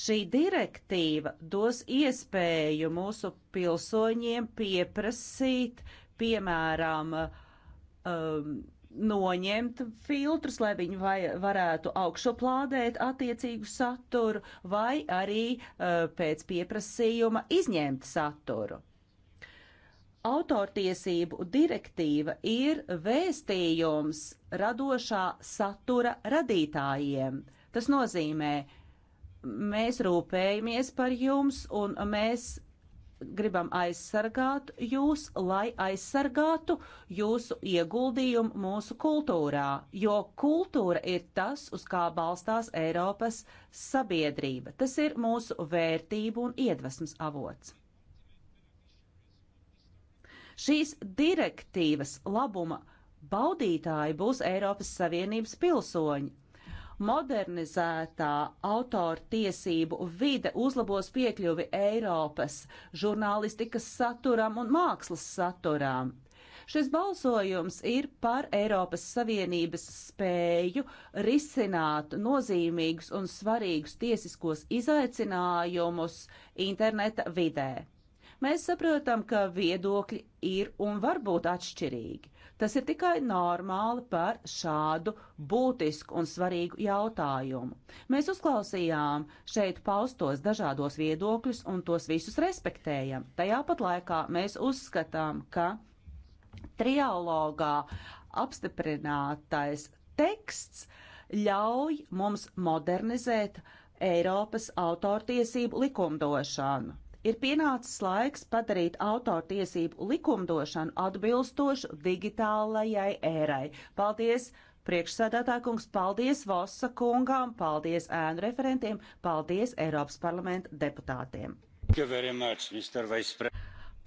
šī direktīva dos iespēju mūsu pilsoņiem pieprasīt, piemēram, um, noņemt filtrus, lai viņi vai, varētu augšuplādēt attiecīgu saturu, vai arī uh, pēc pieprasījuma izņemt saturu. Autortiesību direktīva ir vēstījums radošā satura radītājiem. Tas nozīmē, mēs rūpējamies par jums un mēs gribam aizsargāt jūs, lai aizsargātu jūsu ieguldījumu mūsu kultūrā, jo kultūra ir tas, uz kā balstās Eiropas sabiedrība. Tas ir mūsu vērtību un iedvesmas avots. Šīs direktīvas labuma baudītāji būs Eiropas Savienības pilsoņi. Modernizētā autora tiesību vide uzlabos piekļuvi Eiropas žurnālistikas saturam un mākslas saturam. Šis balsojums ir par Eiropas Savienības spēju risināt nozīmīgus un svarīgus tiesiskos izaicinājumus interneta vidē. Mēs saprotam, ka viedokļi ir un var būt atšķirīgi. Tas ir tikai normāli par šādu būtisku un svarīgu jautājumu. Mēs uzklausījām šeit paustos dažādos viedokļus un tos visus respektējam. Tajā pat laikā mēs uzskatām, ka trialogā apstiprinātais teksts ļauj mums modernizēt Eiropas autortiesību likumdošanu. Ir pienācis laiks padarīt autortiesību likumdošanu atbilstošu digitālajai ērai. Paldies! Priekšsēdētāj kungs, paldies Vosa kungām, paldies ēnu referentiem, paldies Eiropas parlamenta deputātiem. Much,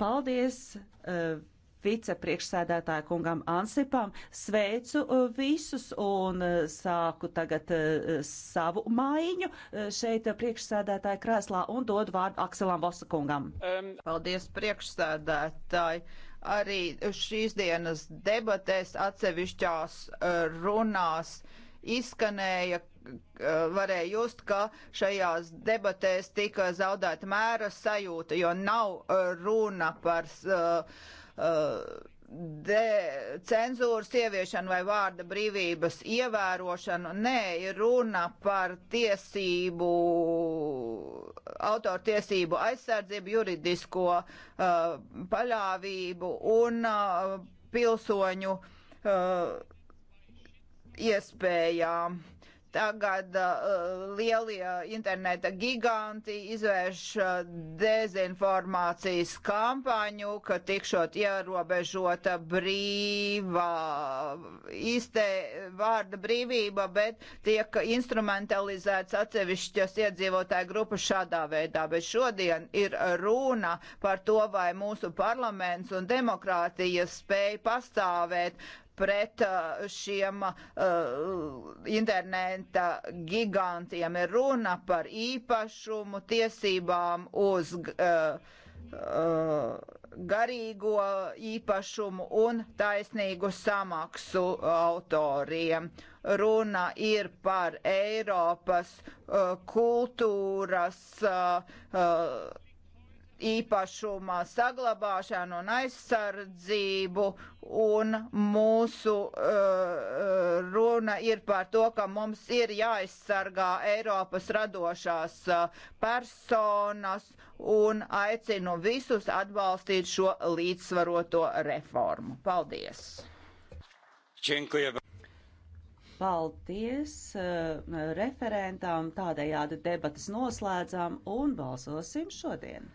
paldies! Uh, vicepriekšsēdētāja kungam Ansipam. Sveicu uh, visus un uh, sāku tagad uh, savu maiņu šeit priekšsēdētāja krēslā un dodu vārdu Akselam Vosakungam. Um. Paldies priekšsēdētāji! Arī šīs dienas debatēs atsevišķās runās izskanēja, varēja just, ka šajās debatēs tika zaudēta mēra sajūta, jo nav runa par uh, Uh, de, cenzūras ieviešanu vai vārda brīvības ievērošanu. Nē, ir runa par tiesību, autortiesību aizsardzību, juridisko uh, paļāvību un uh, pilsoņu uh, iespējām. Tagad uh, lielie interneta giganti izvērš uh, dezinformācijas kampaņu, ka tikšot ierobežota brīvā izte vārda brīvība, bet tiek instrumentalizēts atsevišķas iedzīvotāju grupas šādā veidā. Bet šodien ir runa par to, vai mūsu parlaments un demokrātija spēja pastāvēt uh, pret uh, šiem uh, interneta gigantiem. Ir runa par īpašumu, tiesībām uz uh, uh, garīgo īpašumu un taisnīgu samaksu autoriem. Runa ir par Eiropas uh, kultūras uh, uh, īpašuma saglabāšanu un aizsardzību, un mūsu uh, runa ir par to, ka mums ir jāaizsargā Eiropas radošās uh, personas, un aicinu visus atbalstīt šo līdzsvaroto reformu. Paldies! Čenkuja. Paldies uh, eh, referentām, tādējādi debatas noslēdzām un balsosim šodien.